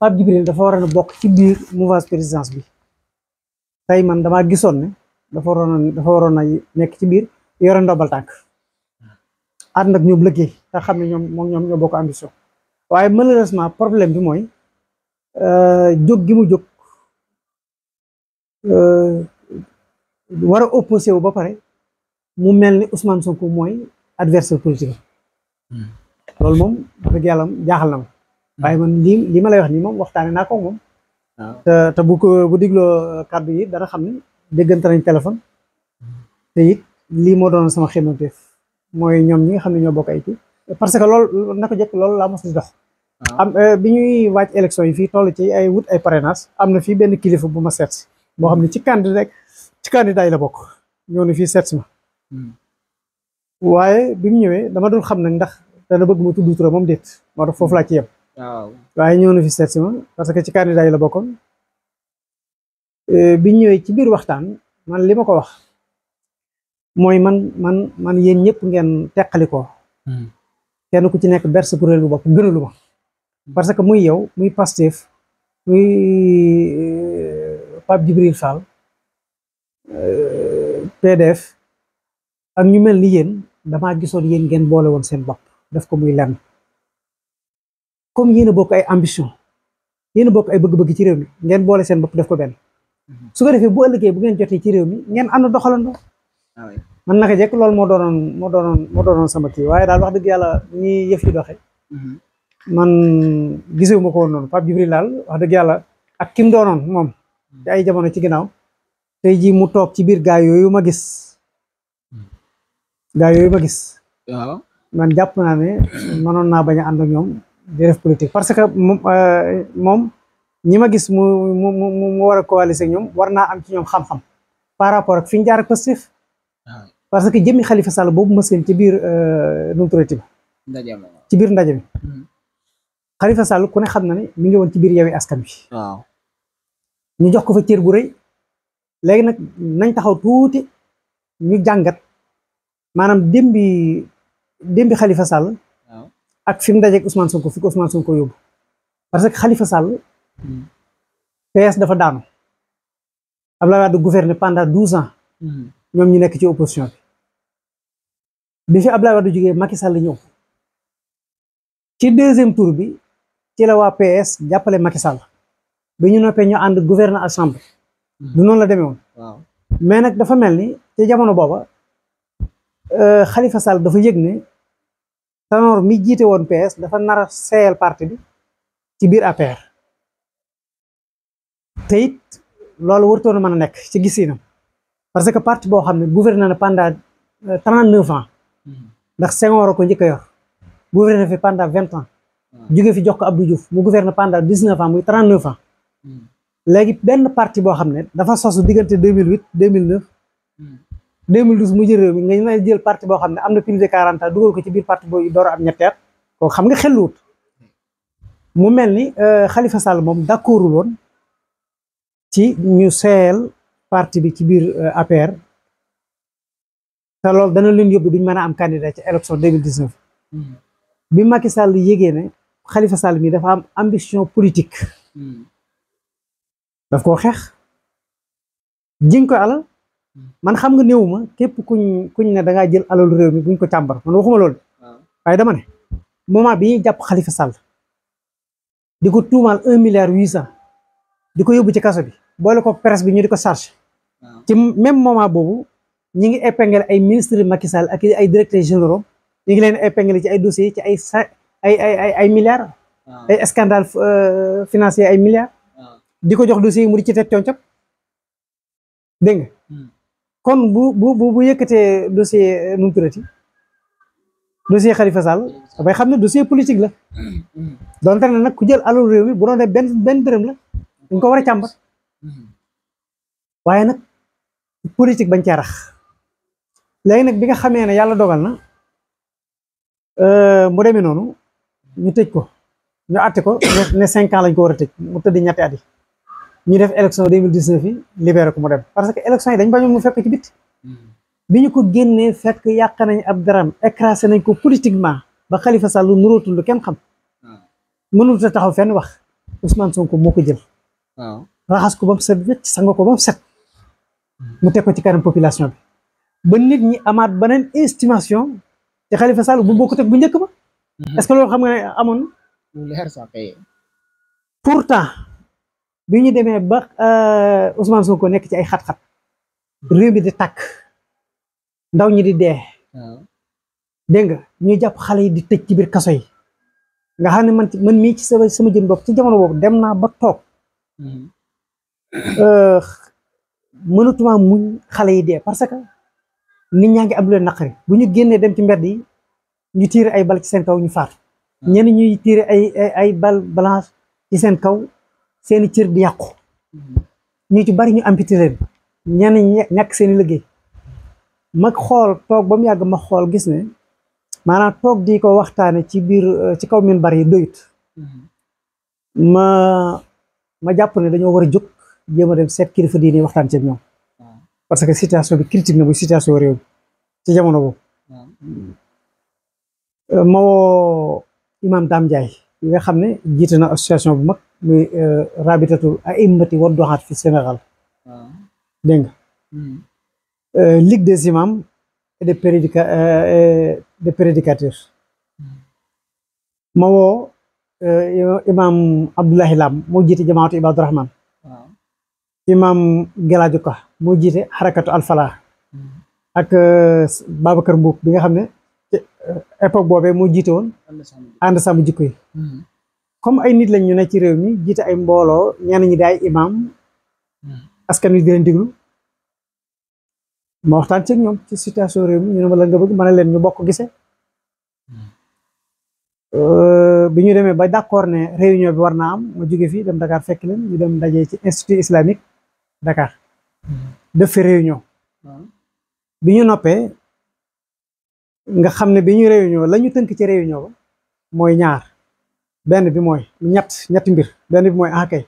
Pape dafa waroon a bokk ci biir mouvance présidence bi tey man damaa gisoon ne dafa waroon a dafa waroon a nekk ci biir yore ndombal tànk. ànd ak ñoom liggéey te xam ne ñoom ñoom ñoo bokk ambition waaye malheureusement problème bi mooy. Euh, jóg gi mu jóg euh, war a opposé wu ba pare mu mel ni Ousmane Sonko mooy adversaire politique hmm. lool moom dëgg yàlla jaaxal na ma waaye man lii lii ma lay wax nii moom waxtaane naa ko moom ah. te bu ko bu digloo kàddu yi dana xam ni déggante nañ téléphone te it lii moo doon sama xémanteef mooy ñoom ñi nga xam ne ñoo bokk ay kii parce que loolu naka jëkk loolu laa mos di dox am eh, bi ñuy wàcc élection yi fii toll ci ay wut ay parrainage am na fii benn kilifa bu ma set si boo xam ne ci candidat rek ci candidat yi la bokk ñoo na fi seet si ma hmm. waaye bi mu ñëwee dama dul xam nag ndax dana bëgg ma tudd turam moom déet moo tax foofu laa ci yem waaye ñëw na fi seet ma parce que ci candidat yi la bokkoon eh, bi ñëwee ci biir waxtaan man li ma ko wax mooy man man man yéen ñëpp ngeen teqali ko hmm. kenn ku ci nekk berse kuréel bu bopp gënalu ma parce que muy yow muy Pastef muy eh, Pape Djibril Fall eh, PDF ak ñu mel ni yéen damaa gisoon yéen ngeen boole woon seen bopp def ko muy lenn comme yéen a bokk ay ambition yéen a bokk ay bëgg-bëgg ci réew mi ngeen boole seen bopp def ko benn mhm. su ko defee bu ëllëgee bu ngeen jotee ci réew mi ngeen ànd doxalandoo ah man naka jekk loolu moo doonoon moo doonoon moo doonoon sama kii waaye daal wax dëgg yàlla ñi yëf yi doxe mhm. man gisewu ma ko woon noonu Pape Djibril laal wax dëgg yàlla ak kim doonoon moom te ay jamono ci ginnaaw tey jii mu toog ci biir gaa yooyu ma gis gaa yooyu ma gis man jàpp naa ne mënoon naa bañ a ñoom di parce que euh, moom ñi ma gis mu mu mu mu war a coaliser ñoom war naa am ci ñoom xam-xam par rapport ak fi ñu jaar ak parce que jëmmi xalifa Sall boobu ma seen ci biir euh, nu mu tuddati ci biir ndaje bi Khalifa Sall ku ne xam na ne mi ngi woon ci biir Yewwi Askan bi waaw ñu jox ko fa cër bu rëy léegi nag nañ taxaw tuuti ñu jàngat maanaam démbi démbi Khalifa Sall. ak fi mu dajeeg Ousmane Sonko fi ko Ousmane Sonko yóbbu parce que xalifa Sall. Hmm. PS dafa daanu. Abdoulaye Wade gouverner pendant douze ans. Hmm. ñoom ñu nekk ci opposition bi. bi fi Abdoulaye Wade jógee Macky Sall ñëw. ci deuxième tour bi. ci la waa PS jàppale Macky Sall bi ñu noppee ñu ànd gouverneur assemblée du noonu la demee woon mais nag dafa mel ni ci jamono booba xalifa euh, sal dafa yëg ni Tanor mi jiite woon PS dafa nar a seeyal parti bi ci biir APR te it loolu wartoon a mën a nekk ci gisiinam parce que parti boo xam ne gouverné na pendant euh, trente neuf ans mhm. ndax Senghor a ko njëkk a yor gouverné fi pendant vingt ans Hmm. jóge fi jox ko Abdou Diouf mu gouverne pendant dix neuf ans muy trente neuf ans hmm. léegi benn parti boo xam ne dafa sosu diggante deux mille huit deux mille neuf hmm. deux mille mu jël réew mi nga ñu jël parti boo xam ne am na plus de quarante ans dugal ko ci biir parti boobu door am ñetteet kooku xam nga xelluwut mu mel ni euh, Khalifa Sall moom d'accordul woon ci ñu seeyal parti bi ci biir euh, APR te loolu dana leen yóbbu duñ mën a am candidat ci élection deux mille dix bi Macky Sall yégee ne Khalifa Sall mi dafa am ambition politique hmm. daf koo xeex jiñ ko alal hmm. man xam nga néew ma képp kuñ kuñ ne da jël alalu réew mi buñ ko càmbar man waxuma loolu ah. waaye dama ne moment bi ñuy jàpp Khalifa Sall di ko tuumaal un milliard huit cent di ko yóbbu ci kaso bi boole ko presse bi ñu di ko chargé ah. ci même moment boobu ñi ngi épinglé ay ministre Macky Sall ak ay directeurs généraux ñi ngi leen épinglé ci ay dossiers ci ay ay ay ay ay milliards. Ah. ay scandale euh, financier ay milliards. Ah. di ko jox dossier mu di ci teg cooncam dégg nga. Hmm. kon bu bu bu yëkkatee dossier euh, nu mu tuddati dossier Khalifa Sall dafay xam ne dossier politique la hmm. donte ne nag ku jël alalu réew mi bu doon benn benn dërëm la dañ ko war a càmbar hmm. waaye nag politique bañ cee rax léegi nag bi nga xamee ne yàlla dogal na euh, mu demee noonu ñu tëj ko ñu àtte ko ne cinq lañ ko war a tëj mu tëddi ñetti at ñu def élection 2019 yi libéré ko mu dem parce que élection yi dañ bañoon mu fekk ci bit hmm. bi ñu ko génnee fekk yàq nañ ab daram écrasé nañ ko politiquement ba Khalifa Sall lu nurootul lu kenn xam hmm. mënul a taxaw fenn wax Ousmane ko moo ko jël hmm. raxas ko ba mu set wecc sanga ko ba set mu teg ko ci kanam population bi ba nit ñi amaat beneen estimation te Khalifa Sall bu bokkut ak bu njëkk ba Mm-hmm. est-ce que loolu xam nga ne amoon leer sax kay pourtant bi ñu demee ba euh, Ousmane ko nekk ci ay xat-xat mm-hmm. réew bi di takk ndaw ñi di dee dégg nga ñu jàpp xale yi di tëj ci biir kaso yi nga xam ne man man mii ci sama sama jën bopp ci jamono boobu dem naa ba toog mm-hmm. euh, mënatuma muñ xale yi dee parce que nit ñaa ngi am lu leen naqari bu ñu génnee dem ci mbedd yi ñu tiire ay bal ci seen kaw ñu faatu ñenn ñuy tiire ay ay bal blanche ci seen kaw seeni cër di yàqu mm-hmm. ñu ci bari ñu amputé leen ñenn ñàkk seeni liggéey mag xool toog ba mu yàgg ma xool gis ne maa toog di ko waxtaane ci biir euh, ci kaw min bari doyut mm-hmm. ma ma jàpp ne dañoo war a jóg jéem a dem seet kilifa diine waxtaan ci ñoom mm-hmm. parce que situation bi critique na bu situation réew bi ci jamono boobu Euh, ma imaam Dame Ndiaye yi nga xam ne jiite na association bu mag muy euh, rabitatul aimmati war doxaat fi Sénégal dégg nga hmm. euh, ligue des de et des ma hmm. woo imaam Abdoulahi Lam moo jiite jamaatu Ibaadu Rahman imaam Gelaajo Ka moo jiite xarakatu Alfala hmm. ak Babacar Mbuub bi nga xam ne Euh, époque boobee moo jiite woon ànd sàmm jikko yi hmm. comme ay nit lañ ñu ne ci réew mi jiite ay mbooloo ñenn ñi di ay imam hmm. askan wi di leen diglu ma waxtaan ci ñoom ci situation réew mi ñu ne ma la nga bëgg mën a leen ñu bokk gise hmm. euh, bi ñu demee ba d'accord ne réunion bi war na am ma jóge fii dem Dakar fekk leen ñu dem dajee ci institut islamique Dakar def fi réunion bi ñu noppee nga xam ne bi ñu réunion la ñu tënk ci réunion ba mooy ñaar benn bi mooy ñett ñetti mbir benn bi mooy akay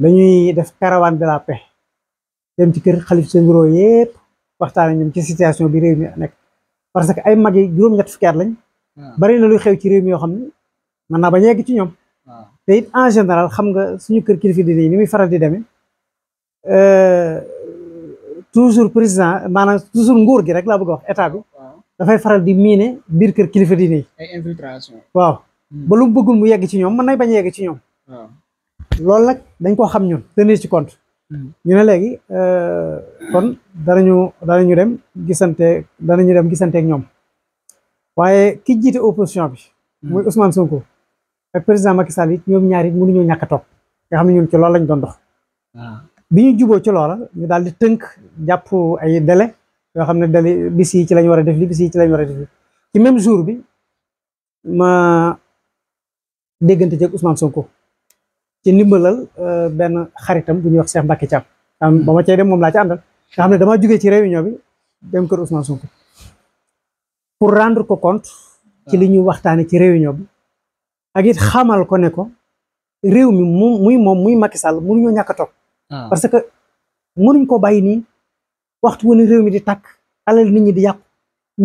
dañuy def caravane de la paix ci kër xalif généraux yépp waxtaan ak ci situation bi réew mi nekk parce que ay mag yi juróom-ñett fukki lañ bari na luy xew ci réew mi xam ne mën ba yegg ci ñoom en général xam nga suñu kër kilifa diine yi ni muy faral di demee euh, toujours président maanaam toujours nguur gi rek laa bëgg a wax dafay faral di miine biir kër kilifa diine yi. ay infiltration. waaw hmm. ba lu mu yegg ci ñoom mën nay bañ a yegg ci ñoom. waaw loolu nag dañ koo xam ñun tenir ci compte. Hmm. ñu ne léegi euh, kon dana ñu dem gisante danañu dem gisanteeg ñoom waaye ki jiite opposition bi. Hmm. muy Ousmane Sonko. ak président Macky Sall it ñoom ñaari it mënuñoo ñàkk a xam ne ñun ci loolu lañ doon dox. Ah. bi ñu juboo ci loola ñu daal di tënk jàpp ay délai. yoo xam ne dali bis ci lañ war a def li bis yi ci lañ a ci même jour bi ma déggante ci Ousmane Sonko ci ndimbalal euh, benn xaritam bu ñuy wax seex mbaki Thiam ba ma cay dem moom laa ci àndal nga xam ne damaa jógee ci réunion bi dem kër Ousmane Sonko pour rendre ko compte ci li ñuy waxtaane ci réunion bi ak xamal ko ne ko réew mi mu muy moom muy Macky Sall mënuñoo ñàkk a toog ah. parce que mënuñ ko bàyyi nii waxtu wala réew mi di tàkk alal nit ñi di yàqu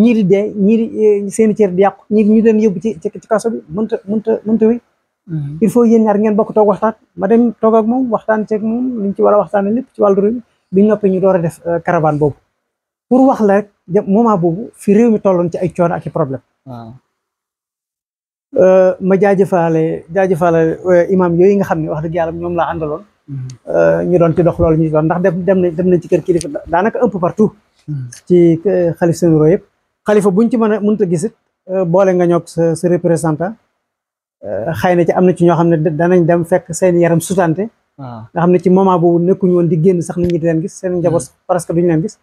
ñii di dee ñii di eh, seeni cër di yàqu ñii ñu leen yóbbu ci ci kaso bi mënta mënta mënta wi mm-hmm. il faut yéen ñaar ngeen bokk toog waxtaan ma dem toog ak moom waxtaan ceeg moom liñ ci war a waxtaanee lépp ci wàllu réew mi biñ noppee ñu door a def karabaan eh, boobu pour wax la rek moment boobu fi réew mi tolloon ci ay coono ak i problème eh, ma jaajëfaale jaajëfaale imaam yooyu nga xam ne wax dëgg yàlla ñoom laa àndaloon Euh, ñu doon ci dox loolu ñu doon ndax dem dem nañ dem nañ ci kër kilifa daanaka un peu partout. Hmm. ci xalif seen roo yëpp. xalifa buñ ci mën a mënut a gis it euh, boole nga ñoog sa sa représentant euh, xëy na ci am na ci ñoo xam ne danañ dem fekk seen yaram sutante. Ah. nga xam ne ci moment boobu nekkuñu woon di génn sax nit ñi di leen gis seen njaboot parce que duñ leen gis.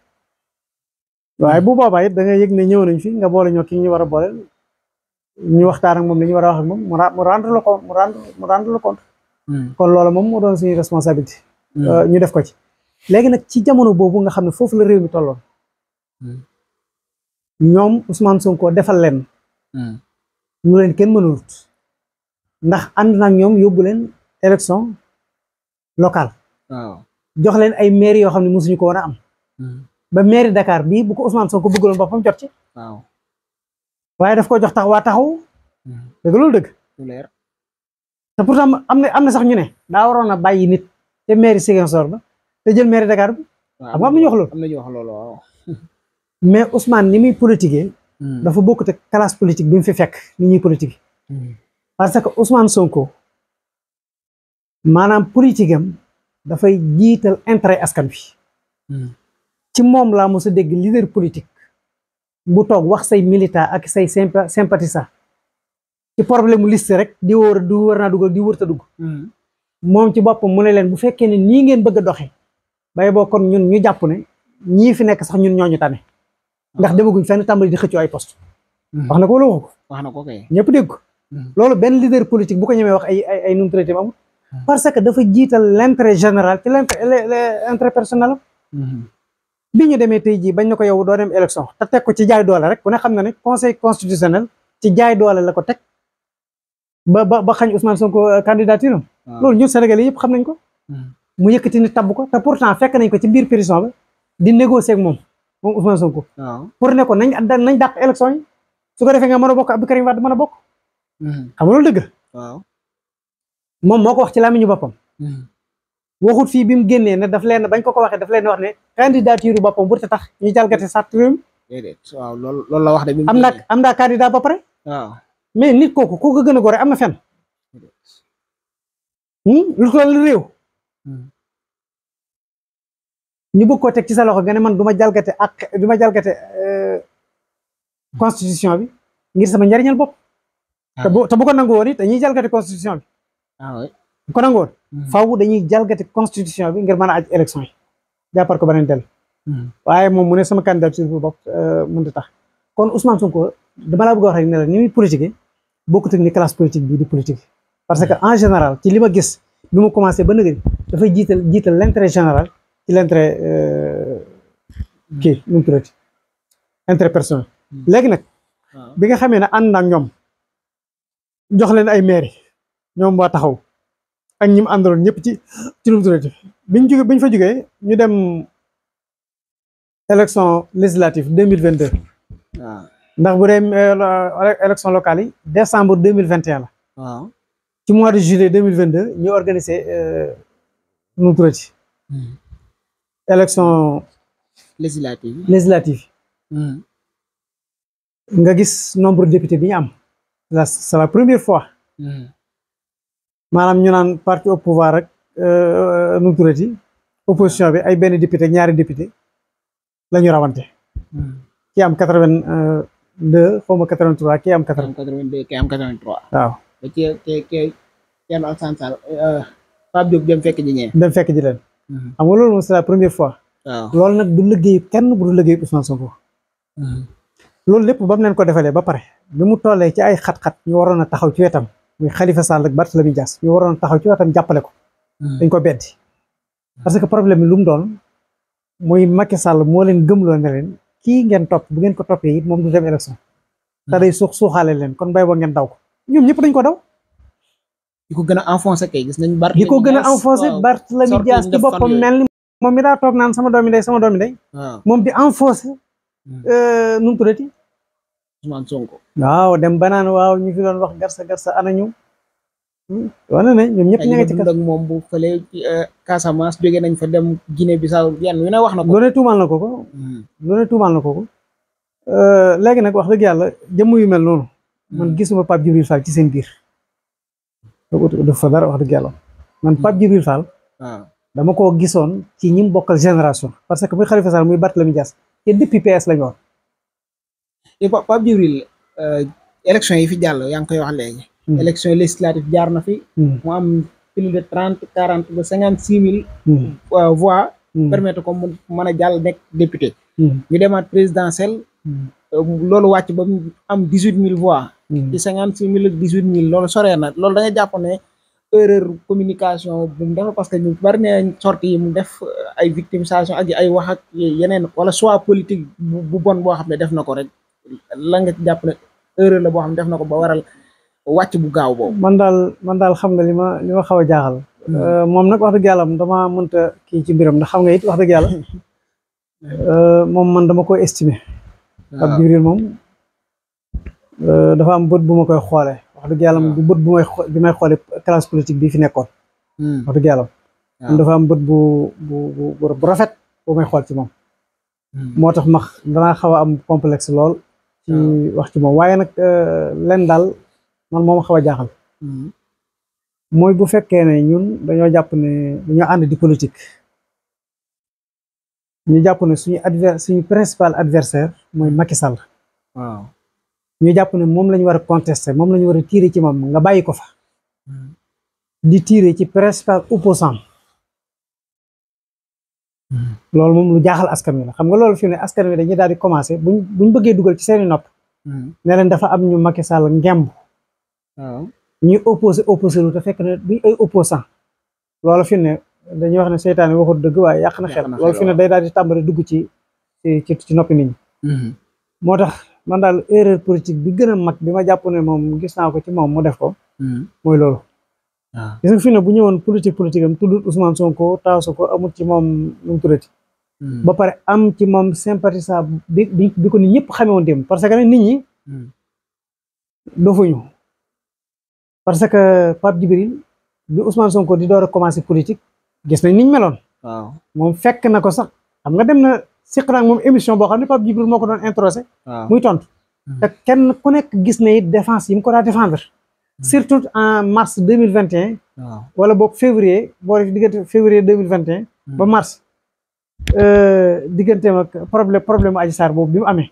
waaye bu boobaa it da nga yëg ne ñëw nañ fi nga boole ñoo ki ñu war a boole ñu waxtaan ak moom li ñu war a wax ak moom mu rendre le mu rendre le Hmm. kon loola moom moo doon suñu responsabilité. Hmm. Euh, ñu def ko ci léegi nag ci jamono boobu nga xam ne foofu la réew mi tolloon. Hmm. ñoom Ousmane Sonko defal leen. ñu leen kenn mënulut ndax ànd naag ñoom yóbbu leen élection lokal waaw jox leen ay maire yoo xam ne mosuñu ko war a am. ba maire Dakar bii bu ko Ousmane Sonko bëggaloon boppam jot ci. waaw waaye daf ko jox tax waa taxaw. dëgg loolu dëgg. te pourtant am na am na sax ñu ne daa waroon a bàyyi nit te mairie Ziguinchor ba te jël mairie Dakar bi. waaw am na ñu wax loolu am na wax loolu mais Ousmane ni muy politiquer. Hmm. dafa bokk te classe bi mu fi fekk ni ñuy politique. Hmm. parce que Ousmane Sonko maanaam politique am dafay jiital intérêt askan bi hmm. ci moom laa mos a dégg leader politique bu toog wax say militant ak say sympa sympathisant ci problème mu liste rek di wóor du war naa dugg di wër dugg moom ci boppam mu ne leen bu fekkee ne nii ngeen bëgg a doxee bay boo kon ñun ñu jàpp ne ñii fi nekk sax ñun ñooñu tane ah. ndax demaguñ fenn tàmbali di xëccoo ay post hmm. wax na ko wala wax na ko kay ñëpp dégg ko hmm. loolu benn leader politique bu ko ñemee wax ay ay ay num traité hmm. parce que dafa jiital l'intérêt général ci l'intérêt personnel bi ñu demee tey jii bañ na ko yow doo dem élection te teg ko ci jaay doole rek ku ne xam na ne conseil constitutionnel ci jaay doole la ko teg ba ba ba xañ Ousmane Sonko euh, candidature am. Ah. loolu ñun Sénégalais yëpp xam nañ ko. Hmm. mu yëkkati ni tabb ko te pourtant fekk nañ ko ci biir prison ba di négocier ak moom moom Ousmane Sonko. Ah. pour ne ko nañ nañ dàq élection yi su ko defee nga mën a bokk Abdou Karim Wade mën a bokk. Hmm. xam nga loolu moom moo ko wax ci làmmiñu boppam. Hmm. waxut fii bi mu génnee ne daf leen bañ ko ko waxee daf leen wax ne candidature yu boppam bu te tax ñu jalgati sàrt réew mi. loolu la wax de. am naa am naa candidat ba pare. mais nit kooku ku ko gën a gore am na fen hmm? lu toll réew hmm. ñu bëgg koo teg ci sa loxo nga man du ma jalgate ak duma jalgate euh, constitution bi ngir sama njariñal bopp ah. te bu te bu ko nangu woon dañuy jalgate constitution bi ah bu ko nangu woon hmm. faaw dañuy jalgate constitution bi ngir mën a aj élection yi jàppar ko beneen del waaye moom mu ne sama candidature bu bopp euh, mënut a tax kon Ousmane Sonko dama laa bëgg a wax rek ne la ni muy bokkut ak ni classe politique bii di politique parce que en général ci lima gis bi ma commencé ba nëgëri dafay jiital jiital l' intérêt général ci l' euh, kii nu mu personnel hmm. léegi nag ah. bi nga xamee ne ànd naag ñoom jox leen ay maire ñoom waa taxaw ak ñi mu àndaloon ñëpp ci ci nu mu biñ jóge biñ fa jógee ñu dem élection législative deux mille vingt deux ah. ndax bu dee euh, élection locale yi décembre deux mille vingt et un la. waaw ci mois de juillet deux mille vingt deux ñu organisé euh, nu mu tuddati. Hmm. élection. législative hmm. nga gis nombre député bi ñu am. la c'est la première fois. Hmm. maanaam ñu naan parti au pouvoir rek euh, nu mu opposition bi ay benn député ñaari député la ñu ki am quatre-vingts. deux xaw ma 83 kii am 80. 82 kii am 83. waaw ba ci kii fekk ji ñee. dem fekk ji leen. xam nga loolu moom c'est la première fois. waaw nag du liggéey kenn bu du liggéey Ousmane Sonko. loolu lépp ba leen ko defalee ba pare bi mu tollee ci ay xat-xat ñu waroon a taxaw ci wetam muy Khalifa Sall ak Barthélémy Dias ñu waroon a taxaw ci wetam jàppale ko. dañ ko beddi parce que problème bi lu mu doon muy Macky Sall moo leen gëmloo ne leen. kii ngeen topp bu ngeen ko toppee it moom du dem élection hmm. te day suux suuxaale leen kon bay boo ngeen daw ko ñoom ñëpp dañ ko daw di ko gën a enfoncé kay gis nañu Barthélemy Dias di ko gën a enfoncé Barthélemy Dias mel ni moom mi daa toog naan sama doomi day sama doomi day moom di enfoncé hmm. euh, nu mu tuddati Ousmane Sonko waaw dem banaan waaw ñu fi doon wax garsa garsa ñu wane ne ñoom ñëpp ña ci kaso moom bu fële eh, Casamance jóge nañ fa dem Guinée Bissau yenn yu ne wax na ko. lu ne tuumaal ko ko. lu ne na ko ko. Hmm. Eh, léegi nag wax dëgg yàlla jëmm yu mel noonu. man hmm. gisuma Pape Djibril Fall ci seen biir. du fa dara wax dëgg yàlla man hmm. Pape Djibril Fall. Ah. dama koo gisoon ci ñi mu bokkal génération. parce que muy Khalifa Sall muy Barthélémy Dias te depuis PS lañu woon. Pape Djibril eh, élection yi fi jàll yaa ngi koy wax léegi. Hmm. élection législative jaar na fi. Hmm. mu am plus de trente quarante cinquante six mille. Hmm. Euh, voix. permettre ko mu mën a jàll nekk député. ñu demaat présidentielle. Euh, loolu wàcc ba mu am dix huit mille voix. ci cinquante six mille ak dix huit mille loolu soree na loolu da nga jàpp communication bu mu parce que ñu bari nañ sorti yi mu def euh, ay victimisation ak ay wax ak yeneen wala choix politique bu bon boo xam ne def na ko rek la nga jàpp ne erreur la boo xam ne def na ko ba waral. wàcc bu gaaw boobu. man daal man daal xam nga li ma li ma xaw a jaaxal. Hmm. Euh, moom nag wax dëgg yàlla damaa mënta kii ci mbiram ndax xam nga it wax dëgg yàlla euh, moom man dama koy estimer. ab ah. Jibril moom euh, dafa am bët bu ma koy xoole wax dëgg yàlla ah. du bët bu may bi may xoolee classe politique bi fi nekkoon. Hmm. wax dëgg yàlla. Ah. dafa am bët bu bu bu bu rafet boo may xool ci moom. Hmm. moo tax ma danaa xaw a am complexe lool. ci wax ci moom waaye nag len daal. man moom xaw a jaaxal hmm. mooy bu fekkee ne ñun dañoo jàpp ne dañoo ànd di politique ñu jàpp ne suñu adver suñu principal adversaire mooy Macky Sall. waaw ñu jàpp ne moom la war a contester moom la ñu war a tiire ci moom nga bàyyi ko fa. Hmm. di tiire ci principal opposant hmm. lool moom lu jaaxal askan wi la xam nga loolu fi ne askan wi ñu daal di commencé bu buñ bëggee dugal ci seeni nopp. ne dafa am ñu Macky Sall ngemb. ñuy opposé opposé lu te fekk na duñ ay lool loolu fi ne dañuy wax ne seytaane waxut dëgg waaye yàq na xel loolu fi ne day daal di dugg ci ci ci noppi nit mm-hmm. moo tax man daal erreur politique bi gën a mag bi ma jàpp ne moom gis naa ko ci moom mu def ko mm-hmm. mooy loolu ah. gis nga fi ne bu ñëwoon politique politique am tuddut Ousmane Sonko taasu ko amul ci moom lu mu mm-hmm. ba pare am ci moom sympathisant bi bi ko nit ñëpp xamee woon démb parce que nit ñi dofuñu parce que Pape Djibril bi Ousmane Sonko di door a commencé politique gis nañ niñ meloon. moom fekk na ko sax xam nga dem na siq moom émission boo xam ne Pape Djibril moo ko doon introsé. muy tontu. Hmm. te kenn ku nekk gis na it défense yi mu ko daa défendre. Hmm. surtout en mars deux mille vingt et un. wala book février boo def diggante février deux mille vingt et un. Hmm. ba mars. Euh, digganteem ak problème problème mu Adji Sarr boobu bi mu amee.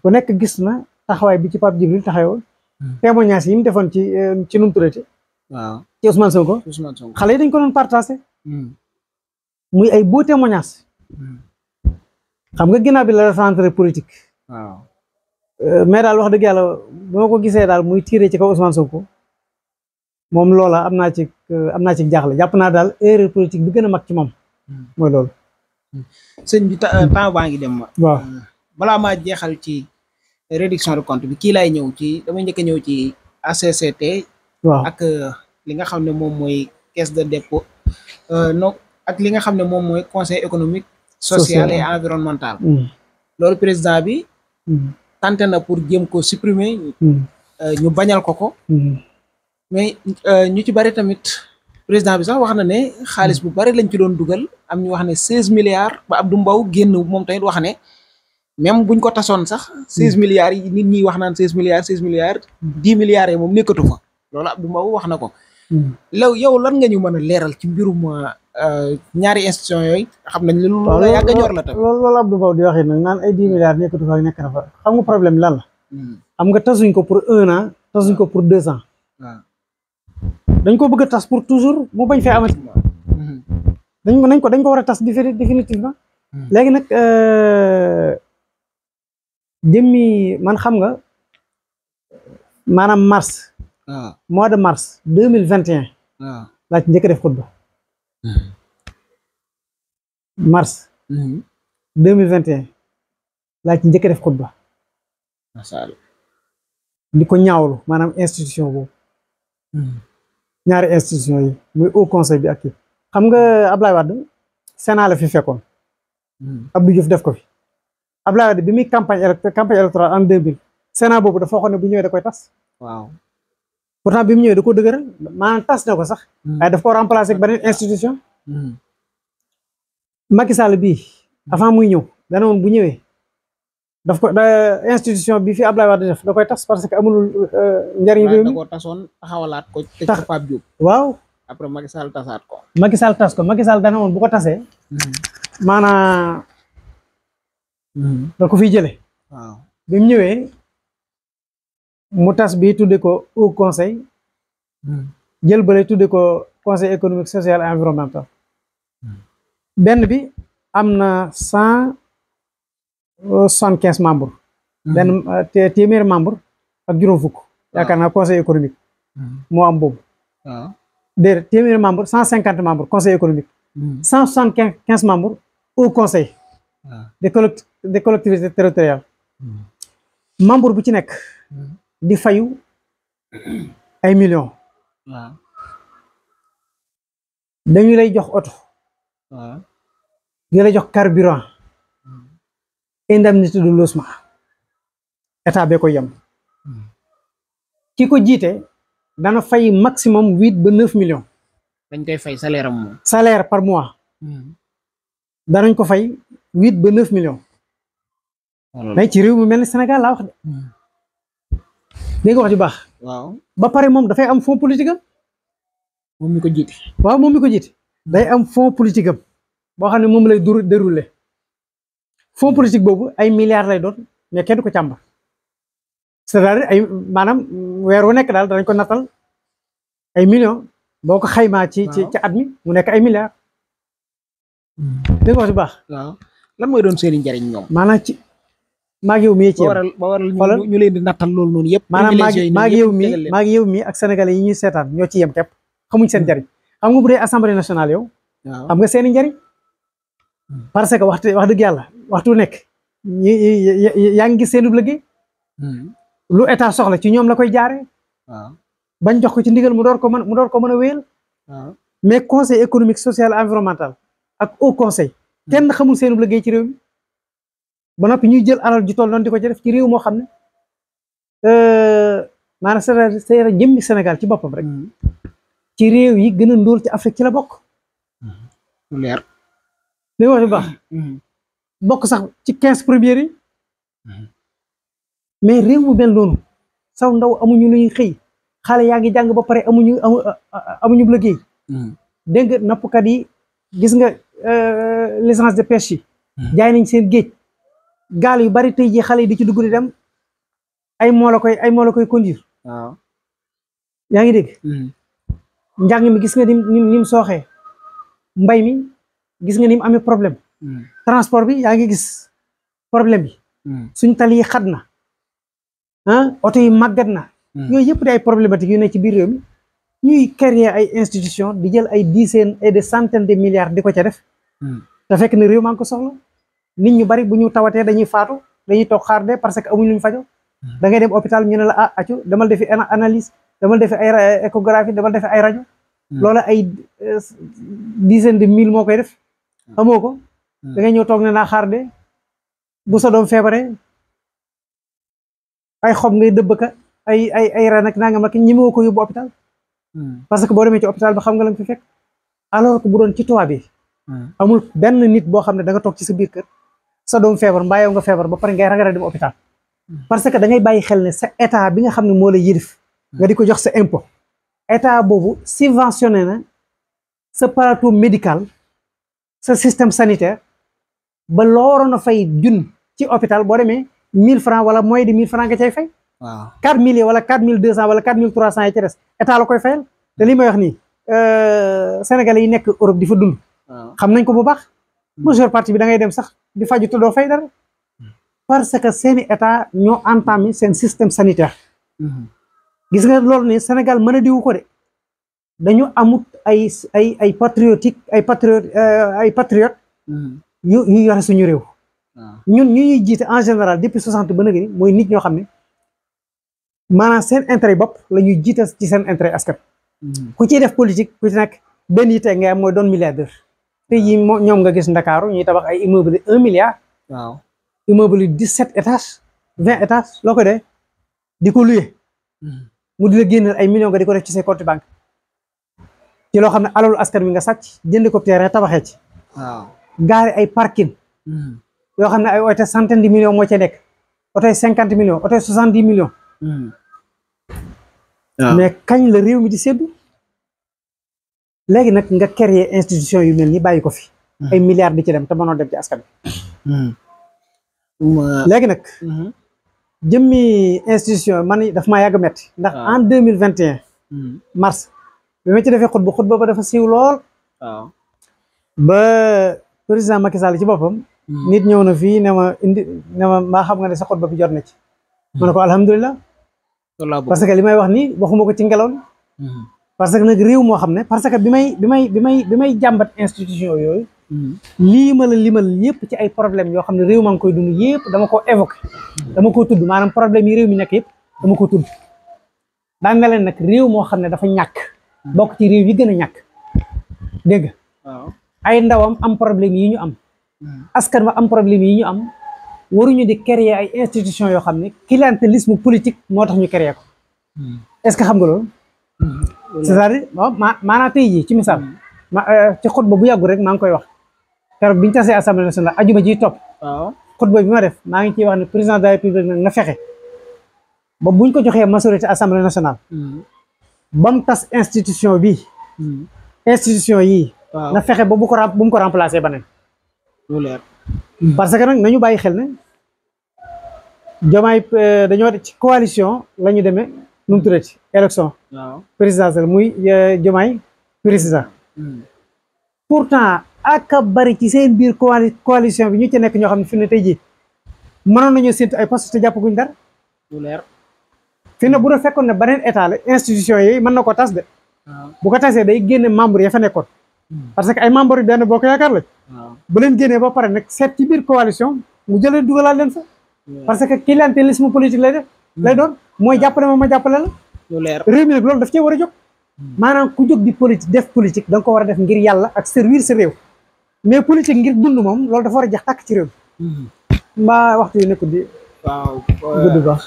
ku nekk gis na taxawaay bi ci Pape Djibril taxawoo. témoignage hmm. yi mu defoon ci eh, ci nu mu tuddati. waaw ci Ousmane Sonko. xale yi dañ ko doon hmm. muy ay beau témoignage. Hmm. xam nga ginnaaw bi la centre politique. waaw euh, mais daal wax dëgg yàlla boo ko gisee daal muy tiire ci kaw Ousmane Sonko moom loola am naa ci euh, am naa ci jaaxle jàpp naa daal erreur politique bi gën a mag ci moom. mooy loolu. sëñ bi temps baa ngi dem. ma waa euh, balaa maa jeexal ci. réduction de compte bi kii laay ñëw ci damay njëkk a ñëw ci ACCT. ak euh, li nga xam ne moom mooy caisse de dépôt euh, non ak li nga xam ne moom mooy conseil économique. social et environnemental. Mm. loolu président bi. Mm. tenté na pour jëm ko supprimer. Mm. Euh, ñu bañal ko ko. mais ñu ci bari tamit président bi sax wax na ne xaalis bu bari lañ ci doon dugal am ñu wax ne seize milliards ba Abdou Mbow génn moom tamit wax ne. même buñ ko tasoon sax. 16 hmm. milliards yi nit ñi wax naan 16 milliards 16 milliards 10 milliards yi moom nekkatu fa loolu Abdou Mbow wax na ko. Hmm. law yow lan nga ñu mën a leeral ci mbirum euh, ñaari institution yooyu. xam nañ ne loolu la a ñor la tamit. loolu loolu Abdou Mbow di wax fa nekk na fa xam nga problème lan la. Hmm. xam nga tasuñ ko pour un an tasuñ ko pour deux ans. Ah. dañ ko bëgg tas pour toujours moo bañ fee amati. dañ ko dañ ko war a tas définitivement. léegi nag. Euh, jëmmi man xam nga maanaam mars. Ah. mois de mars deux mille vingt et un. Ah. laa ci njëkk def xutba. Mm-hmm. mars. Mm-hmm. deux vingt et un njëkk def xutba. macha allah di ko ñaawlu maanaam institution boobu. Mm-hmm. ñaari institution yi muy haut conseil bi ak xam nga Ablaye Wade Sénat la fi fekkoon. Abdou Diouf def ko fi. Abdoulaye Wade bi muy campagne élect campagne électorale en 2000 Sénat boobu dafa waxoon ne bu ñëwee da koy tas. waaw bi mu ñëwee da ko dëgëral tas na ko sax. Hmm. waaye daf ko remplacer ak beneen institution. Hmm. Macky Sall hmm. avant muy ñëw dana woon bu ñëwee daf ko institution bi fi Abdoulaye Wade def da koy tas parce que amul euh, njariñ réew mi da koo tasoon taxawalaat ko. tax Pape Diop waaw. après Macky Sall tasaat ko. Macky tas ko Macky Sall dana woon bu ko tasee. maanaam. da ko fiy jëlee. waaw mu ñëwee mu tas bi tudde ko au conseil. Hmm. jël bële tudde ko conseil économique social et environnemental. Hmm. benn bi am na cent soixante quinze membres. Hmm. benn téeméer membre ak juróom fukk. yaakaar naa conseil économique. moo am boobu. waaw déedéet téeméer membre cent cinquante membres conseil économique. cent soixante quinze membres au conseil. des collectes des collectivités territoriales membre bu ci nekk di fayu ay million waaw dañu lay jox oto waaw di jox carburant indemnité de logement état bee ko yem ki ko jiite dana fay maximum huit ba neuf million dañ koy fay salaire moom salaire par mois hmm. danañ ko fay huit ba neuf million mais ci réew mi mel ni Sénégal laa wax de. Hmm. dégg wax ju baax. waaw ba pare moom dafay am fond politique ko jiite. waaw moom day am fond politique boo xam ne moom lay dur déroulé. fond politique boobu ay milliards lay doon mais kenn ko càmbar. cest à ay maanaam weer wu nekk daal danañ ko nattal ay million boo ko xaymaa ci ci ci at mi mu nekk ay milliards. Hmm. dégg nga wax ju baax. waaw lan mooy doon seen i njariñ ñoom. maanaam maag yow mii ci yem ñu leen di nattal loolu noonu yëpp maanaam maag yow mi maag yow mi ñuy seetaan ñoo ci yem képp xamuñ seen hmm. xam nga bu dee assemblée nationale yow xam nga seen i hmm. parce que waxtu wax dëgg yàlla waxtu nekk yaa ngi gis seenub liggéey hmm. lu état soxla ci ñoom la koy jaare bañ jox ko ci ndigal mu door ko mën mu door ko mën a wéyal mais conseil économique social environnemental ak haut conseil kenn xamul seenub liggéey ci réew mi ba noppi ñuy jël alal ju toll noonu di ko ci ci réew moo xam ne euh, maanaam c'est-à-dire jëmmi Sénégal ci boppam rek mm-hmm. ci réew yi gën a ndóol ci Afrique ci la bokk. Mm-hmm. leer. li wax mm-hmm. bokk sax ci quinze premières yi. mais réew mu mel doonu saw ndaw amuñu lu ñuy xëy xale yaa ngi jàng ba pare amuñu amu amuñu liggéey. dégg nga nappkat yi gis nga euh, licence de pêche yi. jaay nañ seen géej. gaal yu bari tey jii xale yi di ci dugg di dem ay moo la koy ay moo koy conduire. waaw yaa ngi dégg. Hmm. njàng mi gis nga nim ni sooxee mbay mi gis nga ni mu amee problème. Hmm. transport bi yaa ngi gis problème bi. Hmm. suñ tali yi xat na ah oto yi màggat na. yooyu yëpp di ay problématique yu ne ci biir réew mi ñuy créer ay institution di jël ay dizaines et des centaines de milliards di ko ca def. te fekk na réew maa ko soxla. nit ñu bari bu ñu tawatee dañuy faatu dañuy toog xaar parce que amuñ lu ñu fajo hmm. da ngay dem hôpital ñu ne la ah acu damal defi analyse damal defi ay eh, échographie damal defi ay rajo hmm. loola ay eh, dizaine de mille moo koy def hmm. amoo ko da ngay ñëw toog ne naa xaar bu sa feebaree ay xob ngay dëbbka ay ay ay ren ak nangam ak ñemewoo ko yóbbu hôpital parce que boo demee ci hôpital nga la nga fi fekk alors que bu ci tubaab bi amul benn nit boo xam ne danga toog ci sa biir kër sa doom feebar mbaa yow nga feebar ba pare ngay ragara dem hôpital parce que da ngay bàyyi xel ne sa état bi nga xam ne moo la yilif nga di ko jox sa impôt état boobu subventionné na sa plateau médical sa système sanitaire ba loo waroon a fay jun ci hôpital boo demee mille francs wala moins de mille francs nga cay fay waaw quatre mille wala quatre mille deux cent wala quatre mille trois cent yi ci des état la koy fayal te li may wax nii euh, sénégalais yi nekk Europe di fa dund xam nañ ko bu baax majeure partie bi dangay dem sax di faju te doo fay dara parce que seeni état ñoo entamé seen système sanitaire gis nga loolu ne Sénégal mën a diwu ko de dañu amut ay ay ay patriotique ay patriote euh, ay patriote yu yu yore suñu réew ñun ñu ñuy jiite en général depuis soixante ba nag mooy nit ñoo xam ne maanaam seen intérêt bopp la ñuy jiite ci seen intérêt askan ku ciy def politique ku ci nekk benn yitee ngay am mooy doon milliardaire tey jii moom ñoom nga gis ndakaaru ñuy tabax ay immeuble un milliard. waaw immeuble yu dix sept étages vingt étages loo ko dee di ko luye. Hmm. mu di la génneel ay million nga di ko ci say compte banque ci loo xam ne alalu askan wi nga sacc jënd ko terrain tabaxee ci. waaw ay parking. Hmm. yoo xam ne ay oto centaine de million moo ci nekk oto yi cinquante millions oto yi soixante dix millions. Hmm. mais kañ la réew mi di séddu. léegi nag nga créer institution yu mel ni bàyyi ko fi. Hmm. ay milliards di ci dem te mënoo dem ci askan bi. Hmm. léegi nag. Hmm. jëmmi institution man daf ma yàgg metti ndax ah. en deux mille vingt et un. mars bi ma ci defee xutba xutba ba dafa siiw lool. waaw ah. ba président Macky Sall ci boppam. nit ñëw na fii ne ma indi ne ma xam nga ne sa xutba bi jot na ci. ma ne ko alhamdulilah. parce que li may wax nii waxuma ko ci ngelaw. parce que nag réew moo xam ne parce que bi may bi may bi may jàmbat institution yooyu lii ma la limal yëpp ci ay problème yoo xam ne réew maa ngi koy dund yëpp dama ko évoqué dama ko tudd maanaam problème yi réew mi nekk yëpp dama ko tudd daan na leen nag réew moo xam ne dafa ñàkk bokk ci réew yi gën a ñàkk dégg ay ndawam am problème yi ñu am hmm. askan wa am problème yi ñu am waruñu di créer ay institution yoo xam ne clientélisme politique moo tax ñu créer ko hmm. est-ce que xam nga loolu hmm. c'est-à-dire maanaam tey jii ci misaal ma euh, ci xutba bu yàggu rek maa ngi koy wax keroog biñu tasee assemblée nationale ajuma ji topp xutba bi ma def maa ngi ciy wax ne président de la république na fexe ba buñ ko joxee majorité assemblée nationale hmm. ba mu tas institution bi hmm. institution yi na fexe ba bu ko bu mu ko remplacer beneen lu leer parce que nag nañu bàyyi xel ne jomaay euh, dañoo ci coalition la ñu demee nu mu tuddati élection présidentielle muy euh, Diomaye président hmm. pourtant ak a bari ci seen biir coalition bi ñu ci nekk ñoo xam ne fi ne tey jii mënoon nañoo séntu ay poste te jàpp guñ dara lu leer fi ne bu doon fekkoon ne beneen état la institution yooyu mën na ko tas de bu ko tasee day génne membre ya fa nekkoon hmm. parce que ay membre yu benn boo ko yaakaar la bu leen génnee ba pare nag seet ci biir coalition mu jëlee dugalaat leen fa parce que clientélisme politique lay def lay hmm. doon mooy jàppale ma ma lu leer réew mi nag loolu daf cee war a jog hmm. maanaam ku jog di politique def politique da ko war a def ngir yàlla ak servir sa réew mais politique ngir dund moom loolu dafa war a jeex tàkk ci réew mi hmm. mbaa waxtu yi ko di waaw gudd euh, baax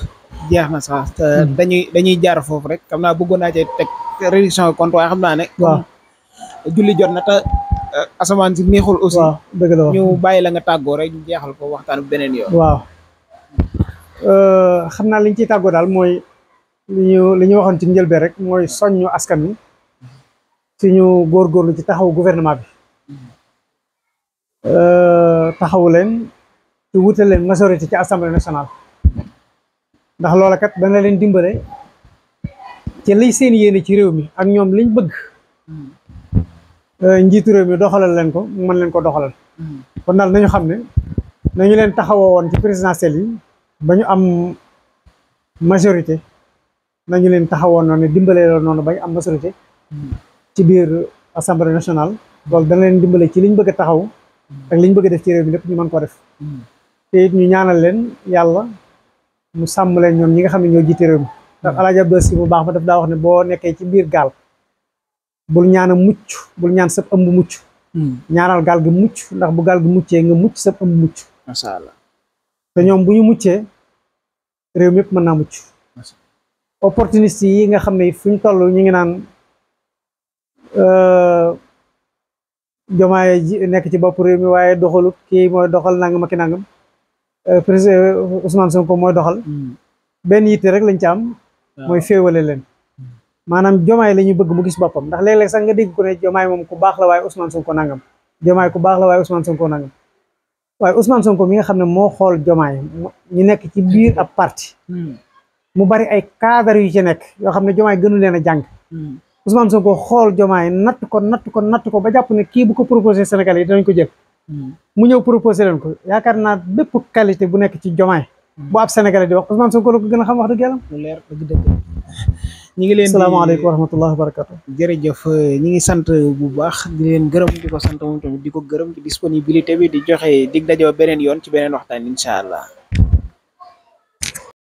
jeex na sax hmm. dañuy dañuy jaar foofu rek xam naa bëggoon naa cee teg réduction compte waaye xam naa ne waaw julli jot na te euh, asamaan si neexul aussi dëgg la ñu bàyyi la nga tàggoo rek ñu jeexal ko waxtaan beneen yoon waaw euh, xam naa liñ ciy tàggoo daal li ñu li ñu waxoon ci njëlbee rek mooy ñu askan wi ci ñu góorgóorlu ci taxaw gouvernement bi euh, taxawu leen ci wutal leen majorité ci assemblée nationale ndax loola kat dana leen dimbale ci liy seen yéene ci réew mi ak ñoom liñ bëgg euh, njiitu réew mi doxalal leen ko mën leen ko doxalal kon daal nañu xam ne nañu leen taxawoo woon ci présidentielle yi ba ñu am majorité nañu leen taxawoon noonu dimbalee loon noonu bañ am majorité ci biir assemblée national bool dana leen dimbale ci liñ bëgg a taxaw ak liñ bëgg def ci réew mi lépp ñu man koo def te it ñu ñaanal leen yàlla mu sàmm leen ñoom ñi nga xam ne ñoo jiite réew mi ndax alaaji Abdou Si bu baax ba daf daa wax ne boo nekkee ci biir gaal bul ñaana mucc bul ñaan sëb ëmb mucc ñaanal gaal gi mucc ndax bu gaal gi muccee nga mucc sëb ëmb mucc macha allah te ñoom bu ñu muccee réew mi yëpp mën naa mucc opportuniste yi nga xam ne fu ñu toll ñu ngi naan euh, Diomaye ji nekk ci bopp réew mi waaye doxalut kii mooy doxal nangam ak nangam euh, président euh, Ousmane Sonko mooy doxal hmm. benn yitte rek lañ ci am mooy féewale leen hmm. maanaam Diomaye la bëgg mu gis boppam ndax léeg-léeg sax nga dégg ko ne Diomaye moom ku baax la waaye Ousmane ko nangam Diomaye ku baax la waaye Ousmane Sonko nangam waaye Ousmane Sonko mi nga xam ne moo xool Diomaye ñi nekk ci biir ab parti hmm. mu bari ay cadre yu ci nekk yoo xam ne jomaay gënu leen a jàng hmm. Ousmane ko xool jomaay natt ko natt ko natt ko ba jàpp ne kii bu ko proposé Sénégal yi danañ ko jël hmm. mu ñëw proposé leen ko yaakaar naa bépp qualité bu nekk ci jomaay hmm. bu ab Sénégalais di wax Ousmane Sonko la ko gën a xam wax dëgg yàlla leer gi dëgg ñi ngi leen salaamaaleykum wa rahmatullahi wa barakatu jërëjëf ñi ngi sant bu baax di leen gërëm di ko sant moom tamit di ko gërëm ci disponibilité bi di joxe dig dajoo beneen yoon ci beneen waxtaan incha allah